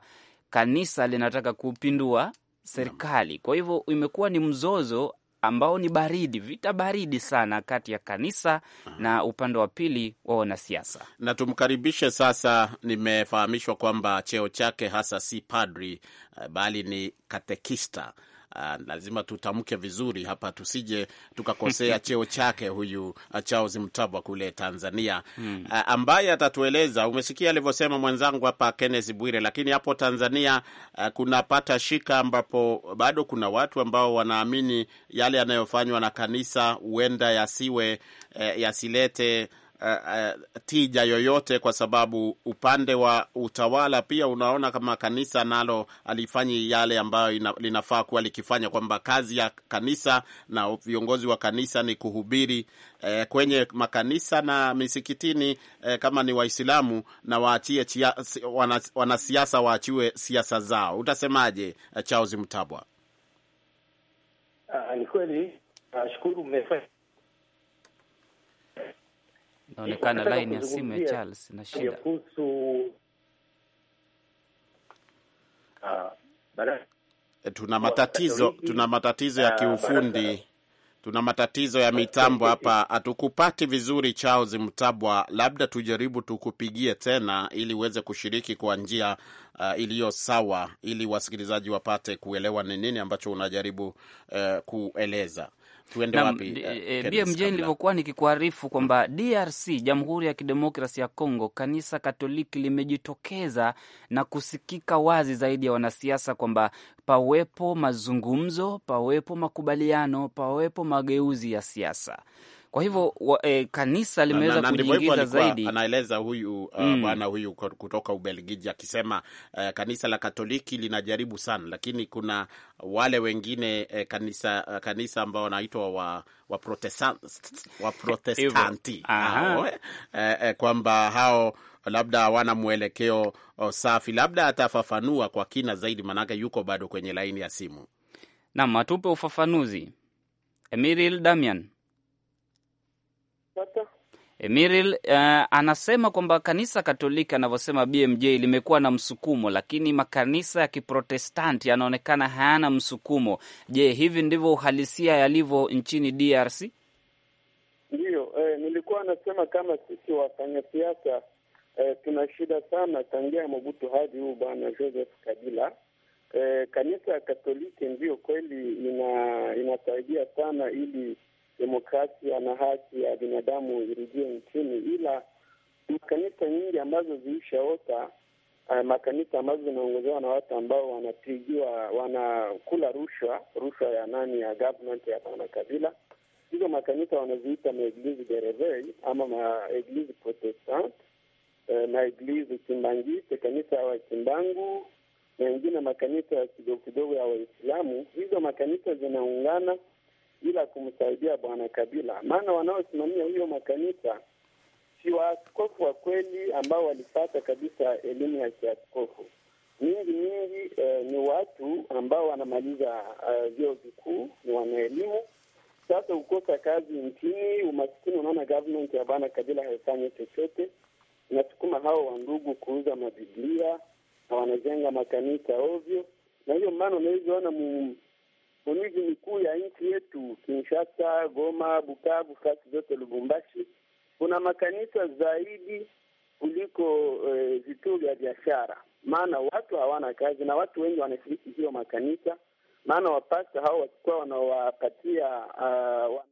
kanisa linataka kupindua serikali. Kwa hivyo imekuwa ni mzozo ambao ni baridi, vita baridi sana kati ya kanisa Aha. na upande wa pili wa wanasiasa. Na tumkaribishe sasa, nimefahamishwa kwamba cheo chake hasa si padri eh, bali ni katekista Ah, lazima tutamke vizuri hapa, tusije tukakosea <laughs> cheo chake huyu ah, Charles Mtabwa kule Tanzania hmm. uh, ambaye atatueleza. Umesikia alivyosema mwenzangu hapa Kenneth Bwire, lakini hapo Tanzania uh, kuna pata shika ambapo bado kuna watu ambao wanaamini yale yanayofanywa na kanisa huenda yasiwe, eh, yasilete uh, uh, tija yoyote, kwa sababu upande wa utawala pia unaona kama kanisa nalo alifanyi yale ambayo ina, linafaa kuwa likifanya, kwamba kazi ya kanisa na viongozi wa kanisa ni kuhubiri uh, kwenye makanisa na misikitini uh, kama ni Waislamu na waachie wanasiasa waachiwe siasa zao. Utasemaje Charles Mtabwa? Ah, ni kweli nashukuru, mmefanya Inaonekana line ya simu ya Charles na shida kuhusu... uh, tuna matatizo tuna matatizo ya ah, kiufundi tuna matatizo ya mitambo hapa, hatukupati vizuri. Charles Mtabwa, labda tujaribu tukupigie tena ili uweze kushiriki kwa njia uh, iliyo sawa, ili wasikilizaji wapate kuelewa ni nini ambacho unajaribu uh, kueleza tuende wapi? Eh, eh, BMJ, nilivyokuwa nikikuarifu kwamba DRC, Jamhuri ya Kidemokrasi ya congo kanisa Katoliki limejitokeza na kusikika wazi zaidi ya wanasiasa kwamba pawepo mazungumzo, pawepo makubaliano, pawepo mageuzi ya siasa. Kwa hivyo e, kanisa limeweza kujiingiza zaidi. Anaeleza huyu bwana uh, mm. huyu kutoka Ubelgiji akisema uh, kanisa la Katoliki linajaribu sana, lakini kuna wale wengine uh, kanisa uh, kanisa ambao wanaitwa wa protestant wa <laughs> eh, uh, kwamba hao labda hawana mwelekeo oh, safi. Labda atafafanua kwa kina zaidi, maanake yuko bado kwenye laini ya simu. Nam atupe ufafanuzi Emiril Damian. Emiril uh, anasema kwamba kanisa Katoliki anavyosema BMJ limekuwa na msukumo, lakini makanisa ya Kiprotestanti yanaonekana hayana msukumo. Je, hivi ndivyo uhalisia yalivyo nchini DRC? Ndiyo, eh, nilikuwa nasema kama sisi wafanyasiasa eh, tuna shida sana tangia Mobutu hadi huu bwana Joseph Kabila. Eh, kanisa ya Katoliki ndiyo kweli ina, inasaidia sana ili demokrasia na haki ya binadamu irudie nchini, ila makanisa nyingi ambazo ziishaota uh, eh, makanisa ambazo zinaongozewa na watu ambao wanapigiwa wanakula rushwa, rushwa ya nani, ya government ya bwana Kabila, hizo makanisa wanaziita maeglise de reveil ama maeglise protestant, uh, eh, maeglise kimbangiste, kanisa ya Wakimbangu na wengine makanisa ya kidogo kidogo ya Waislamu. Hizo makanisa zinaungana bila kumsaidia bwana Kabila, maana wanaosimamia hiyo makanisa si waaskofu wa kweli ambao walipata kabisa elimu ya kiaskofu. Mingi mingi eh, ni watu ambao wanamaliza eh, vyuo uh, vikuu, ni wanaelimu sasa hukosa kazi nchini, umasikini. Unaona, government ya bwana Kabila haifanyi chochote, inasukuma hao wandugu kuuza mabiblia na wanajenga makanisa ovyo, na hiyo maana unaweza ona miji mikuu ya nchi yetu, Kinshasa, Goma, Bukavu, fasi zote Lubumbashi, kuna makanisa zaidi kuliko e, vituo vya biashara, maana watu hawana kazi na watu wengi wanashiriki hiyo makanisa, maana wapasta hao wakikuwa wanawapatia uh, ah,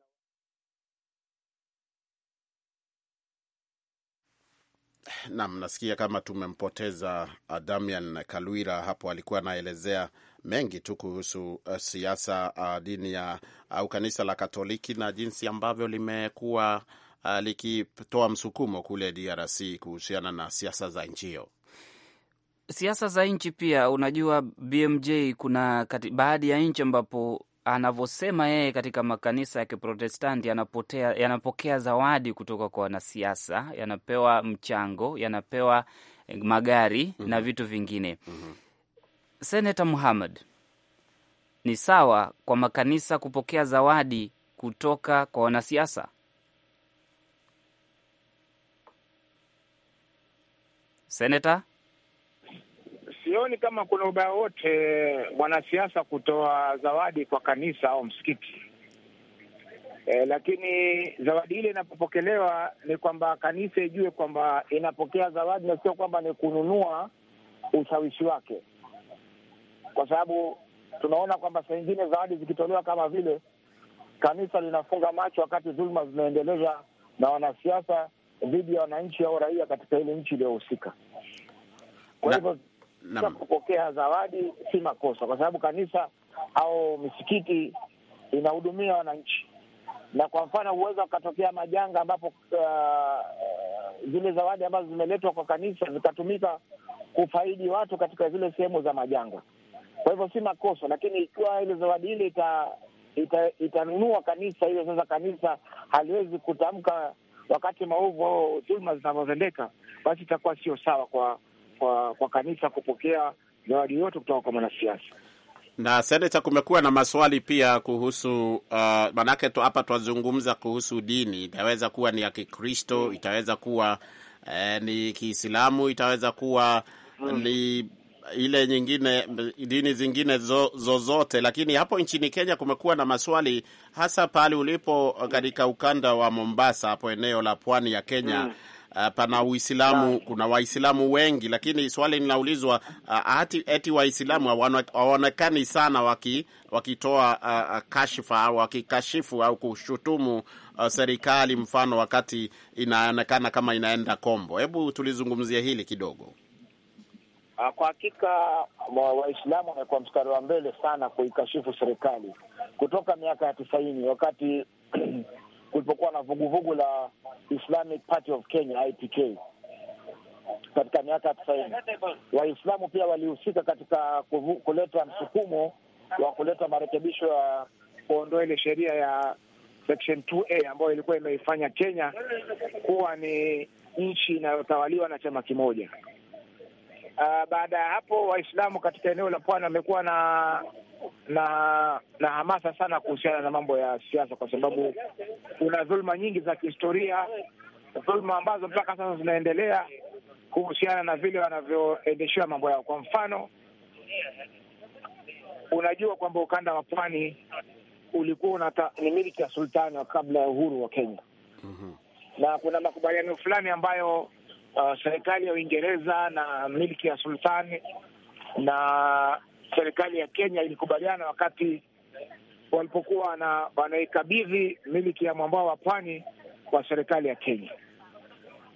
Nam, nasikia kama tumempoteza ah, Damian Kalwira hapo, alikuwa anaelezea mengi tu kuhusu uh, siasa uh, dini ya au uh, kanisa la Katoliki na jinsi ambavyo limekuwa uh, likitoa msukumo kule DRC kuhusiana na siasa za nchi hiyo siasa za nchi pia. Unajua BMJ, kuna baadhi ya nchi ambapo anavyosema yeye katika makanisa ya Kiprotestanti yanapotea, yanapokea zawadi kutoka kwa wanasiasa, yanapewa mchango, yanapewa eh, magari mm -hmm. na mhm. vitu vingine mm -hmm. Seneta Muhammad, ni sawa kwa makanisa kupokea zawadi kutoka kwa wanasiasa? Seneta, sioni kama kuna ubaya wote mwanasiasa kutoa zawadi kwa kanisa au msikiti. E, lakini zawadi ile inapopokelewa ni kwamba kanisa ijue kwamba inapokea zawadi na sio kwamba ni kununua ushawishi wake kwa sababu tunaona kwamba saa ingine zawadi zikitolewa kama vile kanisa linafunga macho wakati dhuluma zinaendeleza na wanasiasa dhidi ya wananchi au raia katika ile nchi iliyohusika. Kwa hivyo kupokea zawadi si makosa, kwa sababu kanisa au misikiti inahudumia wananchi, na kwa mfano huweza ukatokea majanga ambapo uh, zile zawadi ambazo zimeletwa kwa kanisa zikatumika kufaidi watu katika zile sehemu za majanga. Kwa hivyo si makosa, lakini ikiwa ile zawadi ile ita, ita, itanunua kanisa hiyo, sasa kanisa haliwezi kutamka wakati maovu au dhuluma zinavyotendeka, basi itakuwa sio sawa kwa, kwa kwa kanisa kupokea zawadi yote kutoka kwa mwanasiasa. Na seneta, kumekuwa na maswali pia kuhusu uh, manake tu, hapa twazungumza kuhusu dini, itaweza kuwa ni ya Kikristo, itaweza kuwa eh, ni Kiislamu, itaweza kuwa ni ile nyingine dini zingine zo, zozote, lakini hapo nchini Kenya kumekuwa na maswali hasa pale ulipo katika ukanda wa Mombasa, hapo eneo la pwani ya Kenya mm. Ah, pana Uislamu, kuna Waislamu wengi, lakini swali linaulizwa ah, hati eti Waislamu hawaonekani sana waki, wakitoa uh, kashfa au wakikashifu au kushutumu uh, serikali, mfano wakati inaonekana kama inaenda kombo. Hebu tulizungumzia hili kidogo. Ah, kwa hakika Waislamu wamekuwa mstari wa mbele sana kuikashifu serikali kutoka miaka ya tisaini wakati <clears throat> kulipokuwa na vuguvugu la Islamic Party of Kenya IPK katika miaka ya tisaini. Waislamu pia walihusika katika kuleta msukumo wa kuleta marekebisho ya kuondoa ile sheria ya section 2A ambayo ilikuwa imeifanya Kenya kuwa ni nchi inayotawaliwa na chama kimoja. Ah, baada ya hapo Waislamu katika eneo la pwani wamekuwa na na na hamasa sana kuhusiana na mambo ya siasa, kwa sababu kuna dhuluma nyingi za kihistoria, dhuluma ambazo mpaka sasa zinaendelea kuhusiana na vile wanavyoendeshewa mambo yao. Kwa mfano, unajua kwamba ukanda wa pwani ulikuwa ni miliki ya sultani wa kabla ya uhuru wa Kenya, mm -hmm. na kuna makubaliano fulani ambayo uh, serikali ya Uingereza na milki ya sultani na serikali ya Kenya ilikubaliana wakati walipokuwa wanaikabidhi miliki ya mwambao wa pwani kwa serikali ya Kenya.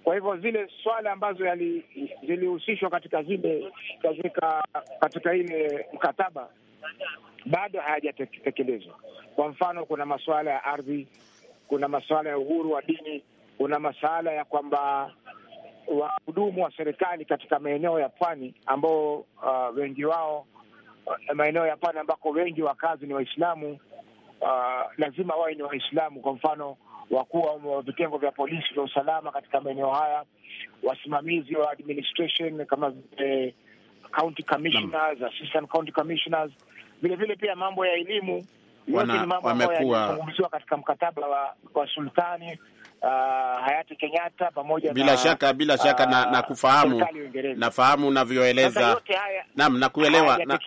Kwa hivyo zile swala ambazo zilihusishwa katika zile katika, katika ile mkataba bado hayajatekelezwa. Kwa mfano, kuna masuala ya ardhi, kuna masuala ya uhuru wa dini, kuna masuala ya kwamba wahudumu wa serikali katika maeneo ya pwani ambao uh, wengi wao uh, maeneo ya pwani ambako wengi wakazi ni Waislamu uh, lazima wawe ni Waislamu. Kwa mfano, wakuu wa vitengo vya polisi vya usalama katika maeneo haya, wasimamizi wa administration kama vile county commissioners, assistant county commissioners, vile vile pia mambo ya elimu yote ni mambo ambayo katika mkataba wa, wa sultani uh, hayati Kenyatta pamoja bila na, shaka bila shaka uh, na, na kufahamu nafahamu unavyoeleza naam, nakuelewa na,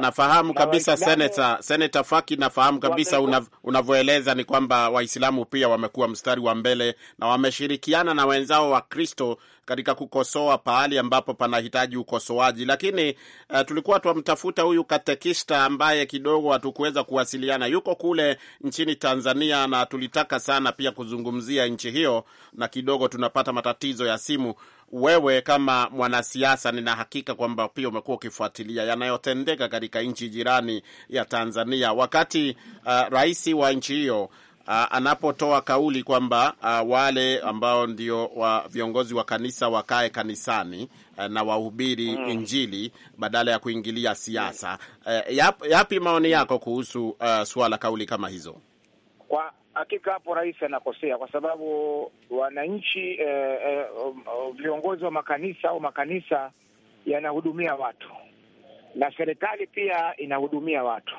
nafahamu kabisa na seneta seneta Faki, nafahamu kabisa unavyoeleza ni kwamba Waislamu pia wamekuwa mstari wa mbele na wameshirikiana na wenzao wa Kristo katika kukosoa pahali ambapo panahitaji ukosoaji, lakini uh, tulikuwa twamtafuta huyu katekista ambaye kidogo hatukuweza kuwasiliana. Yuko kule nchini Tanzania na tulitaka sana pia kuzungumzia nchi hiyo, na kidogo tunapata matatizo ya simu. Wewe kama mwanasiasa, nina hakika kwamba pia umekuwa ukifuatilia yanayotendeka katika nchi jirani ya Tanzania, wakati uh, rais wa nchi hiyo Uh, anapotoa kauli kwamba uh, wale ambao ndio wa viongozi wa kanisa wakae kanisani uh, na wahubiri mm. Injili badala ya kuingilia siasa uh, yap, yapi maoni yako kuhusu uh, suala kauli kama hizo? Kwa hakika hapo rais anakosea kwa sababu wananchi eh, eh, um, um, viongozi wa makanisa au makanisa yanahudumia watu na serikali pia inahudumia watu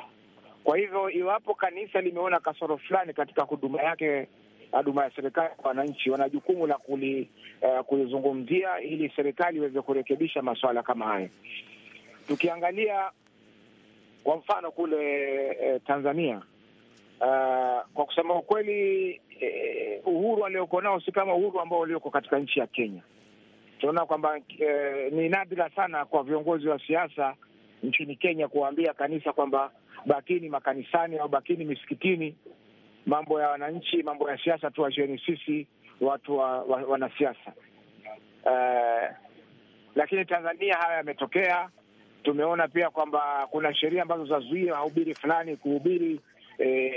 kwa hivyo iwapo kanisa limeona kasoro fulani katika huduma yake, huduma ya serikali kwa wananchi, wana jukumu la kuli, uh, kulizungumzia ili serikali iweze kurekebisha masuala kama haya. Tukiangalia kwa mfano kule eh, Tanzania uh, kwa kusema ukweli eh, uhuru alioko nao si kama uhuru ambao ulioko katika nchi ya Kenya. Tunaona kwamba eh, ni nadra sana kwa viongozi wa siasa nchini Kenya kuwaambia kanisa kwamba bakini makanisani au bakini misikitini. Mambo ya wananchi, mambo ya siasa tu wachieni sisi watu wa, wa, wanasiasa uh, lakini Tanzania haya yametokea. Tumeona pia kwamba kuna sheria ambazo zazuia wahubiri fulani kuhubiri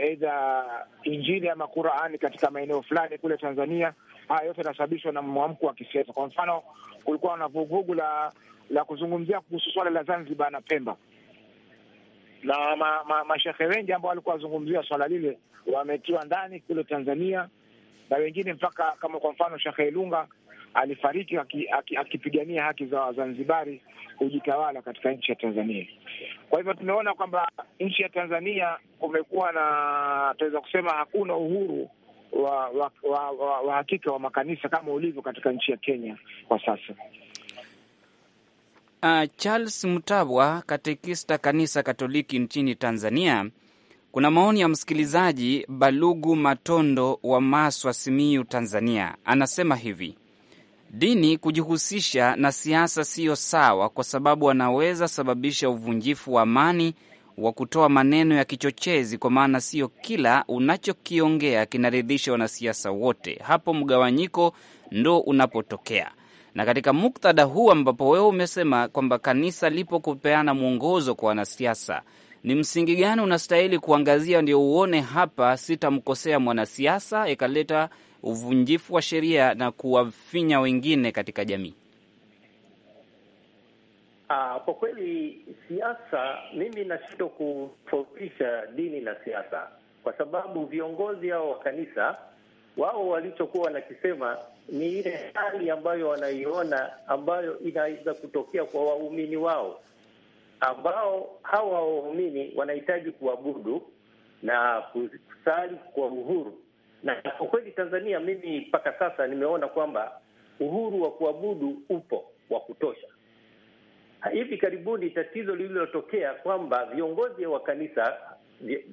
aidha eh, e, Injili ama Qurani katika maeneo fulani kule Tanzania. Haya yote yanasababishwa na mwamko wa kisiasa. Kwa mfano, kulikuwa na vuguvugu la la kuzungumzia kuhusu swala la Zanzibar na Pemba na ma, ma, mashehe wengi ambao walikuwa wazungumzia swala lile wametiwa ndani kule Tanzania, na wengine mpaka kama kwa mfano Shekhe Ilunga alifariki akipigania haki za Wazanzibari kujitawala katika nchi ya Tanzania. Kwa hivyo tumeona kwamba nchi ya Tanzania kumekuwa na, tunaweza kusema hakuna uhuru wa, wa, wa, wa, wa hakika wa makanisa kama ulivyo katika nchi ya Kenya kwa sasa. Uh, Charles mtabwa katekista kanisa Katoliki nchini Tanzania. Kuna maoni ya msikilizaji Balugu Matondo wa Maswa, Simiyu, Tanzania, anasema hivi: dini kujihusisha na siasa siyo sawa, kwa sababu wanaweza sababisha uvunjifu wa amani wa kutoa maneno ya kichochezi, kwa maana siyo kila unachokiongea kinaridhisha wanasiasa wote. Hapo mgawanyiko ndo unapotokea na katika muktadha huu ambapo wewe umesema kwamba kanisa lipo kupeana mwongozo kwa wanasiasa, ni msingi gani unastahili kuangazia ndio uone hapa sitamkosea mwanasiasa ikaleta uvunjifu wa sheria na kuwafinya wengine katika jamii? Aa, ah, kwa kweli siasa, mimi nashindwa kutofautisha dini na siasa, kwa sababu viongozi hao wa kanisa wao walichokuwa wanakisema ni ile hali ambayo wanaiona ambayo inaweza kutokea kwa waumini wao, ambao hawa waumini wanahitaji kuabudu na kusali kwa uhuru. Na kwa kweli Tanzania, mimi mpaka sasa nimeona kwamba uhuru wa kuabudu upo wa kutosha. Hivi karibuni tatizo lililotokea kwamba viongozi wa kanisa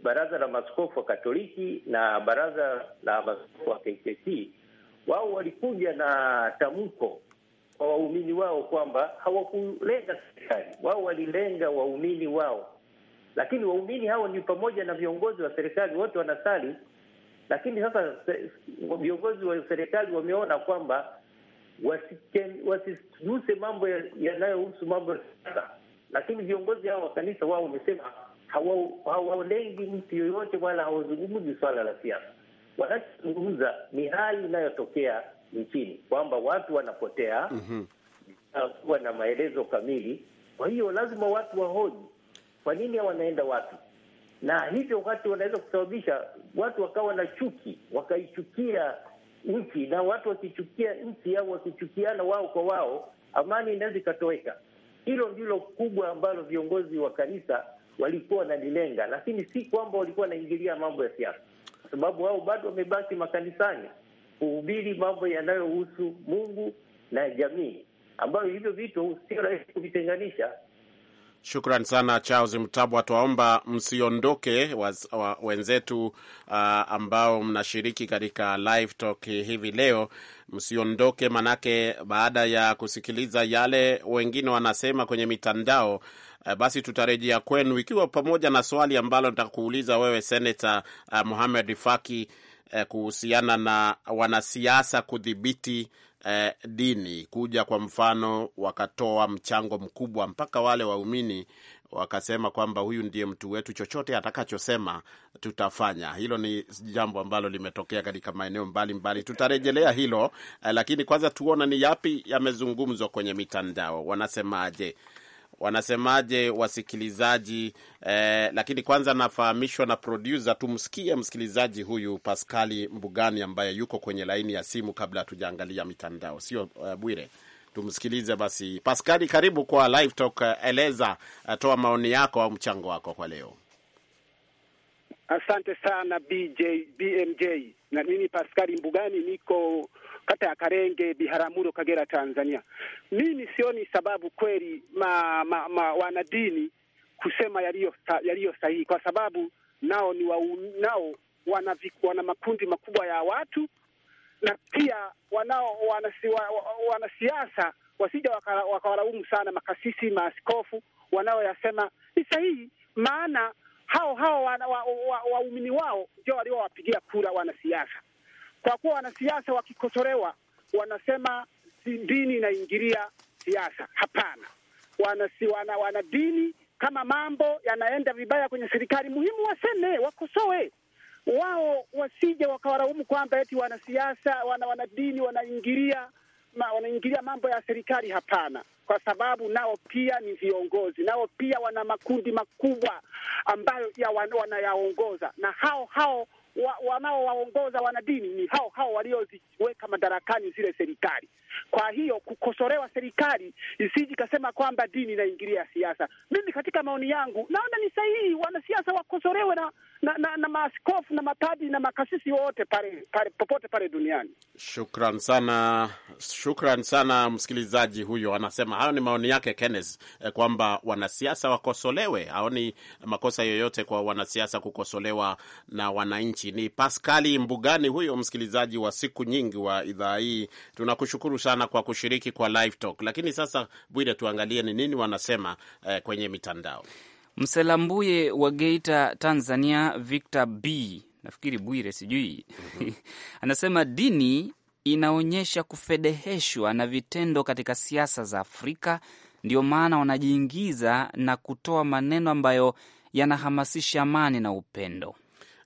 baraza la maskofu wa Katoliki na baraza la maskofu wa KKT wao walikuja na tamko kwa waumini wao kwamba hawakulenga serikali, wao walilenga waumini wao. Lakini waumini hao ni pamoja na viongozi wa serikali, wote wanasali. Lakini sasa viongozi wa serikali wameona kwamba wasiguse mambo yanayohusu mambo ya siasa, lakini viongozi hao wa kanisa wao wamesema hawalengi mtu yoyote wala hawazungumzi swala la siasa. Wanachozungumza ni hali inayotokea nchini kwamba watu wanapotea mm -hmm. kuwa na maelezo kamili. Kwa hiyo lazima watu wahoji kwa nini wanaenda watu na hivyo wakati wanaweza kusababisha watu wakawa na chuki, wakaichukia nchi, na watu wakichukia nchi au wakichukiana wao kwa wao, amani inaweza ikatoweka. Hilo ndilo kubwa ambalo viongozi wa kanisa walikuwa wanalilenga, lakini si kwamba walikuwa wanaingilia mambo ya siasa, kwa sababu wao bado wamebaki makanisani kuhubiri mambo yanayohusu Mungu na jamii, ambayo hivyo vitu sio rahisi kuvitenganisha. Shukran sana Charles Mtabwa, twaomba msiondoke wenzetu, uh, ambao mnashiriki katika live talk hivi leo, msiondoke, manake baada ya kusikiliza yale wengine wanasema kwenye mitandao Eh, basi tutarejea kwenu ikiwa pamoja na swali ambalo nitakuuliza wewe Senata uh, eh, Mohamed Faki uh, kuhusiana na wanasiasa kudhibiti uh, dini, kuja kwa mfano wakatoa mchango mkubwa mpaka wale waumini wakasema kwamba huyu ndiye mtu wetu, chochote atakachosema tutafanya. Hilo ni jambo ambalo limetokea katika maeneo mbalimbali, tutarejelea hilo, lakini kwanza tuona ni yapi yamezungumzwa kwenye mitandao, wanasemaje wanasemaje wasikilizaji eh? Lakini kwanza nafahamishwa na producer, tumsikie msikilizaji huyu Paskali Mbugani ambaye yuko kwenye laini ya simu kabla hatujaangalia mitandao, sio uh, Bwire? Tumsikilize basi. Paskali, karibu kwa Live Talk. Eleza, eh, toa maoni yako au mchango wako kwa leo. Asante sana BJ, BMJ. Na mimi Paskali Mbugani niko kata ya Karenge, Biharamulo, Kagera, Tanzania. Mimi sioni sababu kweli ma, ma, ma wanadini kusema yaliyo yaliyo sahihi, kwa sababu nao ni wa, nao wana, wana makundi makubwa ya watu na pia wanao wanasiasa wasija wakawalaumu sana makasisi, maaskofu wanaoyasema ni sahihi, maana hao hao waumini wa, wa, wa wao ndio waliowapigia kura wanasiasa. Kwa kuwa wanasiasa wakikosolewa wanasema dini inaingilia siasa. Hapana, wana, wana, wana dini. Kama mambo yanaenda vibaya kwenye serikali, muhimu waseme, wakosoe wao, wasije wakawalaumu kwamba eti wanasiasa wana, wana dini wanaingilia ma, wanaingilia mambo ya serikali. Hapana, kwa sababu nao pia ni viongozi, nao pia wana makundi makubwa ambayo ya wanayaongoza, na hao hao wanaowaongoza wanadini ni hao hao walioziweka madarakani zile serikali. Kwa hiyo kukosolewa serikali isiji kasema kwamba dini inaingilia siasa, mimi katika maoni yangu naona ni sahihi, wanasiasa wakosolewe na na, na, na maaskofu na mapadi na makasisi wote pale, pale popote pale duniani. Shukran sana, shukran sana. Msikilizaji huyo anasema hayo ni maoni yake Kenneth, eh, kwamba wanasiasa wakosolewe, haoni makosa yoyote kwa wanasiasa kukosolewa na wananchi Mkamiti. Ni Paskali Mbugani huyo msikilizaji wa siku nyingi wa idhaa hii, tunakushukuru sana kwa kushiriki kwa live talk. Lakini sasa, Bwire, tuangalie ni nini wanasema eh, kwenye mitandao. Mselambuye wa Geita, Tanzania, Victor B, nafikiri Bwire sijui mm -hmm. <laughs> anasema dini inaonyesha kufedeheshwa na vitendo katika siasa za Afrika, ndio maana wanajiingiza na kutoa maneno ambayo yanahamasisha amani na upendo.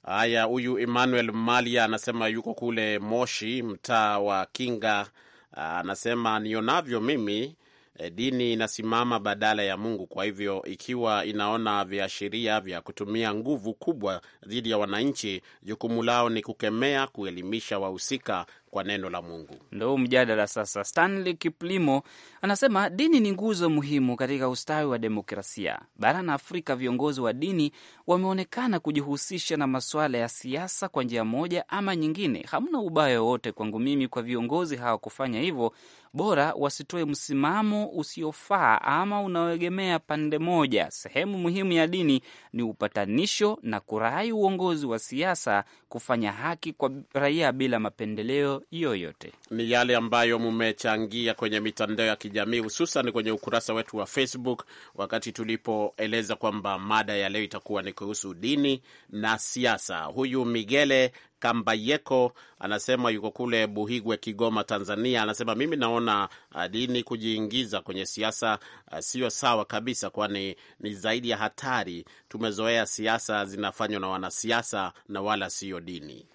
Haya, huyu Emmanuel Malia anasema yuko kule Moshi, mtaa wa Kinga. Ah, anasema nionavyo mimi e, dini inasimama badala ya Mungu. Kwa hivyo ikiwa inaona viashiria vya kutumia nguvu kubwa dhidi ya wananchi, jukumu lao ni kukemea, kuelimisha wahusika kwa neno la Mungu. Ndo mjadala sasa. Stanley Kiplimo anasema dini ni nguzo muhimu katika ustawi wa demokrasia barani Afrika. Viongozi wa dini wameonekana kujihusisha na masuala ya siasa kwa njia moja ama nyingine. Hamna ubaya wowote kwangu mimi kwa viongozi hawa kufanya hivyo, bora wasitoe msimamo usiofaa ama unaoegemea pande moja. Sehemu muhimu ya dini ni upatanisho na kurai uongozi wa siasa kufanya haki kwa raia bila mapendeleo yoyote. Ni yale ambayo mmechangia kwenye mitandao ya kijamii, hususan kwenye ukurasa wetu wa Facebook, wakati tulipoeleza kwamba mada ya leo itakuwa ni kuhusu dini na siasa. Huyu Migele Kambayeko anasema yuko kule Buhigwe, Kigoma, Tanzania. Anasema mimi naona uh, dini kujiingiza kwenye siasa uh, sio sawa kabisa, kwani ni zaidi ya hatari. Tumezoea siasa zinafanywa na wanasiasa na wala siyo dini.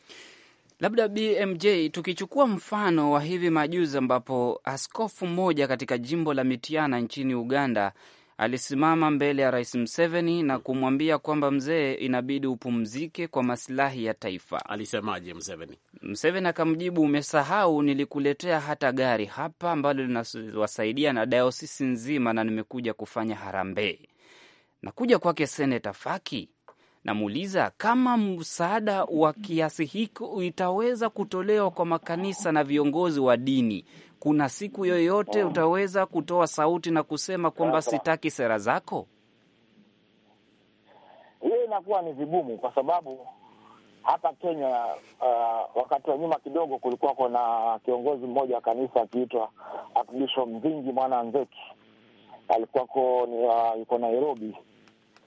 Labda BMJ, tukichukua mfano wa hivi majuzi ambapo askofu mmoja katika jimbo la Mitiana nchini Uganda alisimama mbele ya Rais Mseveni na kumwambia kwamba mzee, inabidi upumzike kwa masilahi ya taifa. Alisemaje Mseveni? Mseveni akamjibu, umesahau nilikuletea hata gari hapa ambalo linawasaidia na dayosisi nzima, na nimekuja kufanya harambee. Nakuja kwake Seneta Faki Namuuliza kama msaada wa kiasi hiki itaweza kutolewa kwa makanisa na viongozi wa dini, kuna siku yoyote utaweza kutoa sauti na kusema kwamba sitaki sera zako? Hiyo inakuwa ni vigumu, kwa sababu hapa Kenya uh, wakati wa nyuma kidogo kulikuwa kuna kiongozi mmoja wa kanisa akiitwa Archbishop Mzingi Mwana Nzeki, alikuwako uh, yuko Nairobi,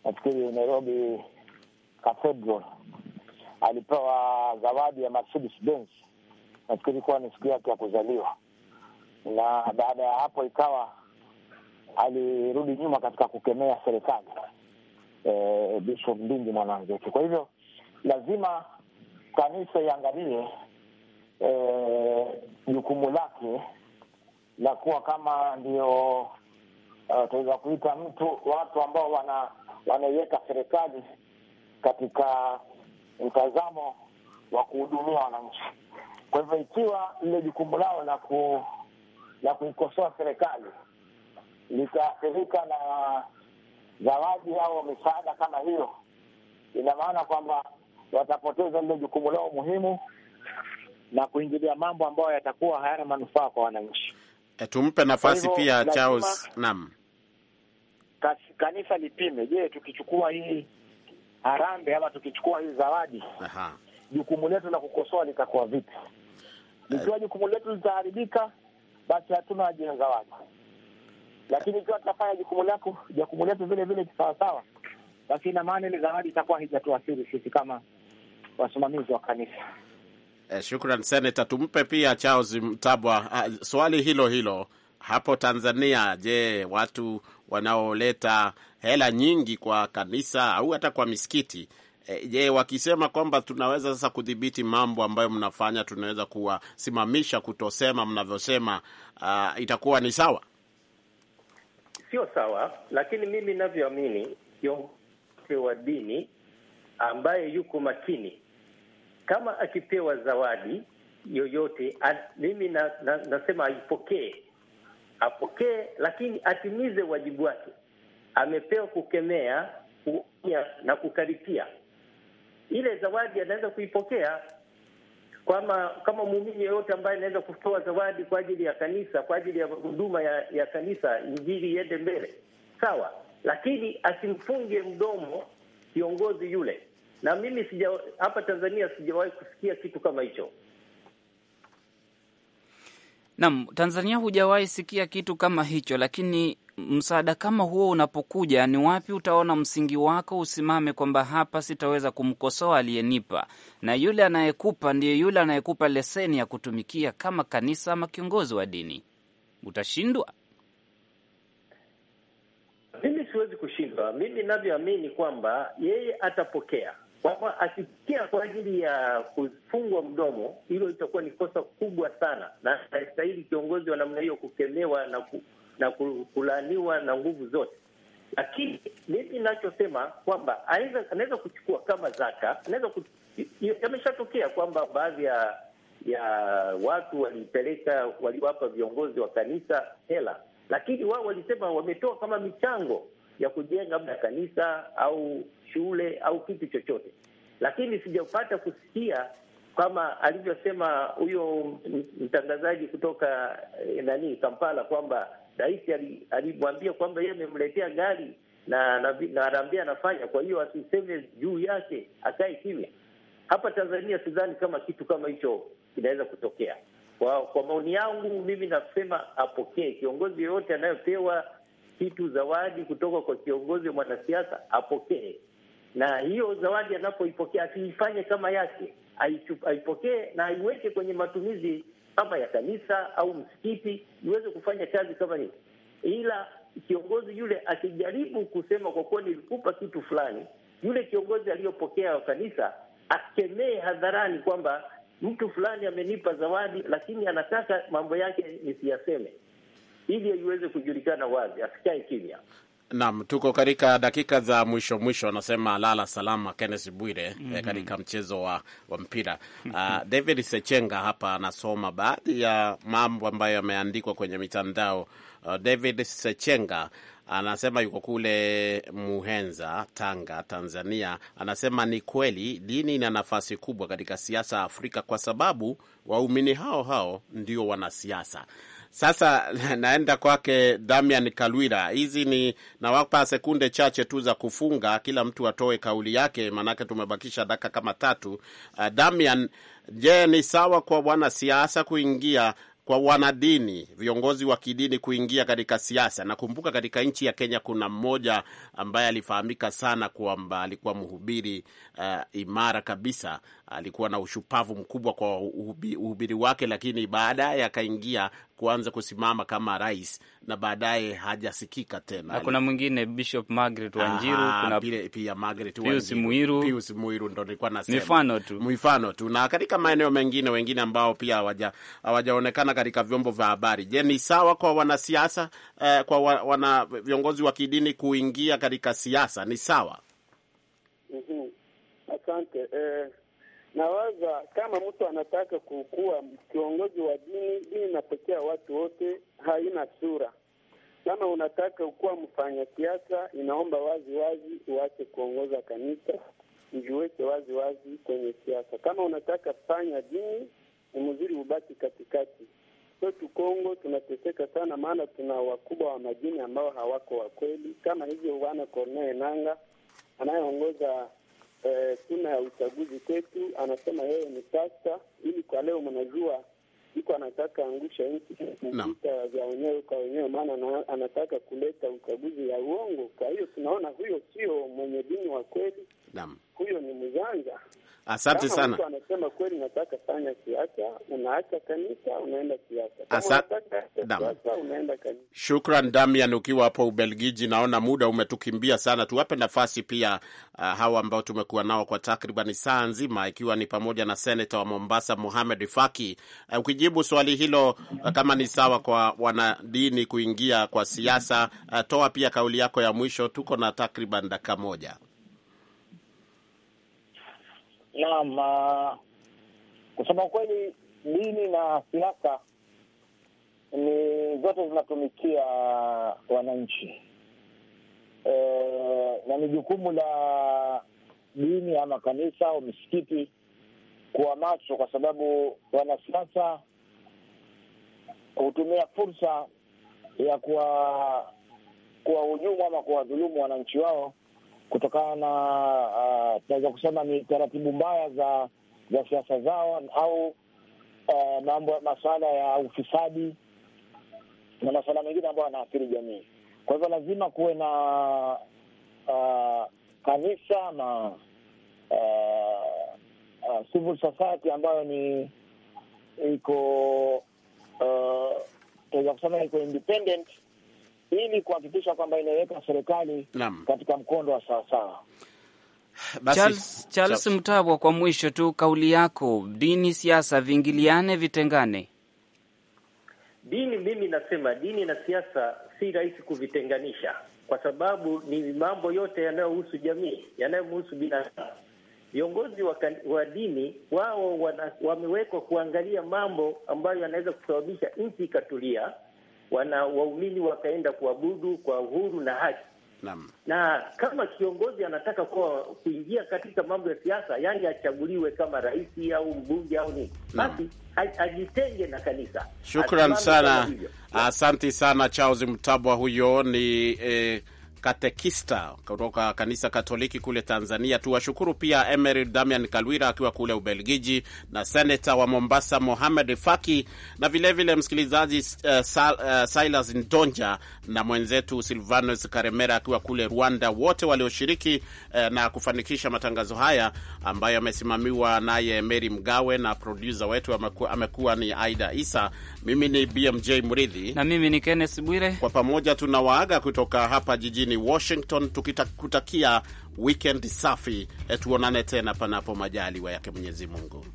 nafikiri Nairobi cathedral alipewa zawadi ya Mercedes Benz, nafikiri kuwa ni siku yake ya kuzaliwa, na baada ya hapo ikawa alirudi nyuma katika kukemea serikali e, Bishop Ndindi Mwanamzeti. Kwa hivyo lazima kanisa iangalie e, jukumu e, lake la kuwa kama ndio e, utaweza uh, kuita mtu watu ambao wanaiweka serikali katika mtazamo wa kuhudumia wananchi. Kwa hivyo, ikiwa lile jukumu lao la ku la kuikosoa serikali litaathirika na zawadi au misaada kama hiyo, ina maana kwamba watapoteza lile jukumu lao muhimu na kuingilia mambo ambayo yatakuwa hayana manufaa kwa wananchi. E, tumpe nafasi pia Charles. Naam, kanisa lipime. Je, tukichukua hii harambe ama tukichukua hii zawadi, jukumu letu la kukosoa litakuwa vipi? Eh. Ikiwa jukumu letu litaharibika, basi hatuna haja ya zawadi, lakini ikiwa tutafanya jukumu lako jukumu letu vile vile kisawasawa, basi ina maana ile zawadi itakuwa haijatuathiri sisi kama wasimamizi wa kanisa. Eh, shukran seneta. Tumpe pia Charles Mtabwa ah, swali hilo hilo hapo Tanzania, je, watu wanaoleta hela nyingi kwa kanisa au hata kwa misikiti e, je, wakisema kwamba tunaweza sasa kudhibiti mambo ambayo mnafanya, tunaweza kuwasimamisha kutosema mnavyosema, uh, itakuwa ni sawa? Sio sawa, lakini mimi navyoamini kiongozi wa dini ambaye yuko makini, kama akipewa zawadi yoyote, mimi na, na, nasema aipokee apokee, lakini atimize wajibu wake. Amepewa kukemea, kuonya na kukaripia. Ile zawadi anaweza kuipokea kama kama muumini yeyote ambaye anaweza kutoa zawadi kwa ajili ya kanisa, kwa ajili ya huduma ya, ya kanisa, injili iende mbele, sawa, lakini asimfunge mdomo kiongozi yule. Na mimi sija hapa Tanzania sijawahi kusikia kitu kama hicho. Naam, Tanzania hujawahi sikia kitu kama hicho, lakini msaada kama huo unapokuja, ni wapi utaona msingi wako usimame kwamba hapa sitaweza kumkosoa aliyenipa, na yule anayekupa ndiye yule anayekupa leseni ya kutumikia kama kanisa ama kiongozi wa dini? Utashindwa? Mimi siwezi kushindwa. Mimi navyoamini kwamba yeye atapokea kwamba akikia kwa ajili ya kufungwa mdomo, hilo litakuwa ni kosa kubwa sana, na haistahili kiongozi wa namna hiyo kukemewa na, ku, na kulaaniwa na nguvu zote. Lakini mimi ninachosema kwamba anaweza kuchukua kama zaka, anaweza yameshatokea kwamba baadhi ya ya watu walipeleka, waliwapa viongozi wa kanisa hela, lakini wao walisema wametoa kama michango ya kujenga labda kanisa au shule au kitu chochote, lakini sijapata kusikia kama alivyosema huyo mtangazaji kutoka eh, nani Kampala kwamba rais alimwambia kwamba yeye amemletea gari na na anaambia anafanya, kwa hiyo asiseme juu yake, akae kimya. Hapa Tanzania sidhani kama kitu kama hicho kinaweza kutokea. Kwa, kwa maoni yangu mimi nasema apokee kiongozi yoyote anayopewa kitu zawadi kutoka kwa kiongozi mwanasiasa apokee, na hiyo zawadi anapoipokea asiifanye kama yake, aipokee na aiweke kwenye matumizi kama ya kanisa au msikiti, iweze kufanya kazi kama hiyo. Ila kiongozi yule akijaribu kusema kwa kuwa nilikupa kitu fulani, yule kiongozi aliyopokea wa kanisa akemee hadharani kwamba mtu fulani amenipa zawadi, lakini anataka mambo yake nisiyaseme ili iweze kujulikana wazi, asikae kimya. Naam, tuko katika dakika za mwisho mwisho, anasema lala salama Kenneth Bwire. mm -hmm. Katika mchezo wa, wa mpira uh, <laughs> David Sechenga hapa anasoma baadhi ya mambo ambayo yameandikwa kwenye mitandao uh, David Sechenga anasema yuko kule Muhenza, Tanga, Tanzania. Anasema ni kweli dini ina nafasi kubwa katika siasa ya Afrika kwa sababu waumini hao hao ndio wanasiasa. Sasa <laughs> naenda kwake Damian Kalwira. Hizi ni nawapa sekunde chache tu za kufunga, kila mtu atoe kauli yake, maanake tumebakisha dakika kama tatu. Uh, Damian, je, ni sawa kwa wanasiasa kuingia kwa wanadini, viongozi wa kidini kuingia katika siasa. Nakumbuka katika nchi ya Kenya kuna mmoja ambaye alifahamika sana kwamba alikuwa mhubiri uh, imara kabisa, alikuwa na ushupavu mkubwa kwa uhubiri wake, lakini baadaye akaingia kuanza kusimama kama rais na baadaye hajasikika tena. Na kuna mwingine Bishop Margaret Wanjiru, kuna pia pia Margaret Wanjiru, Pius Muiru, ndo nilikuwa nasema mifano tu, mifano tu, na katika maeneo mengine wengine ambao pia hawaja hawajaonekana katika vyombo vya habari. Je, ni sawa kwa wanasiasa eh, kwa wa, wana viongozi wa kidini kuingia katika siasa ni sawa? mm -hmm. Asante eh, Nawaza kama mtu anataka kukuwa kiongozi wa dini, dini inapokea watu wote, haina sura. Kama unataka kuwa mfanya siasa, inaomba wazi wazi uache kuongoza kanisa, ujiweke wazi wazi kwenye siasa. Kama unataka fanya dini, ni mzuri ubaki katikati. Kwetu Kongo tunateseka sana, maana tuna wakubwa wa majini ambao hawako wakweli, kama hivyo bwana Corneille nanga anayeongoza eh, tuna ya uchaguzi kwetu. Anasema yeye ni sasa ili kwa leo mnajua iko anataka angusha nchi vita vya wenyewe kwa wenyewe, maana anataka kuleta uchaguzi ya uongo. Kwa hiyo tunaona huyo sio mwenye dini wa kweli, huyo ni mjanja. Asante sana. anasema kweli, nataka fanya siasa, unaacha kanisa unaenda siasa. Asante unaenda kanisa. Shukran Damian, ukiwa hapo Ubelgiji. Naona muda umetukimbia sana, tuwape nafasi pia uh, hawa ambao tumekuwa nao kwa takriban saa nzima, ikiwa ni pamoja na seneta wa Mombasa Mohamed Faki. Uh, ukijibu swali hilo uh, kama ni sawa kwa wanadini kuingia kwa siasa uh, toa pia kauli yako ya mwisho. Tuko na takriban dakika moja. Naam, ah, kusema kweli, dini na siasa ni zote zinatumikia wananchi e, na ni jukumu la dini ama kanisa au misikiti kuwa macho, kwa sababu wanasiasa hutumia fursa ya kuwahujumu ama kuwadhulumu wananchi wao kutokana na uh, tunaweza kusema ni taratibu mbaya za za siasa zao au uh, mambo masuala ya ufisadi na masuala mengine ambayo yanaathiri jamii. Kwa hivyo lazima kuwe na uh, kanisa na uh, uh, civil society ambayo ni iko uh, tunaweza kusema iko independent ili kuhakikisha kwamba inaweka serikali katika mkondo wa sawasawa. Charles, Charles Mtabwa, kwa mwisho tu kauli yako, dini, siasa viingiliane, vitengane? Dini, mimi nasema dini na siasa si rahisi kuvitenganisha, kwa sababu ni mambo yote yanayohusu jamii, yanayomhusu binadamu. Viongozi wa, wa dini wao wamewekwa kuangalia mambo ambayo yanaweza kusababisha nchi ikatulia wana waumini wakaenda kuabudu kwa uhuru na haki. Naam. Na kama kiongozi anataka kuwa kuingia katika mambo ya siasa, yani achaguliwe kama rais au mbunge au nini, basi ajitenge na kanisa. Shukran sana, asante sana Charles Mtabwa, huyo ni eh katekista kutoka kanisa Katoliki kule Tanzania. Tuwashukuru pia Emery Damian Kalwira akiwa kule Ubelgiji na seneta wa Mombasa Mohamed Faki na vilevile vile msikilizaji uh, uh, Silas Ndonja na mwenzetu Silvanus Karemera akiwa kule Rwanda, wote walioshiriki uh, na kufanikisha matangazo haya ambayo amesimamiwa naye Mary Mgawe na produsa wetu amekuwa, amekuwa ni Aida Isa. Mimi ni BMJ Mridhi na mimi ni Kenneth Bwire, kwa pamoja tunawaaga kutoka hapa jijini mjini Washington, tukikutakia wikendi safi. Eh, tuonane tena panapo majaliwa yake Mwenyezi Mungu.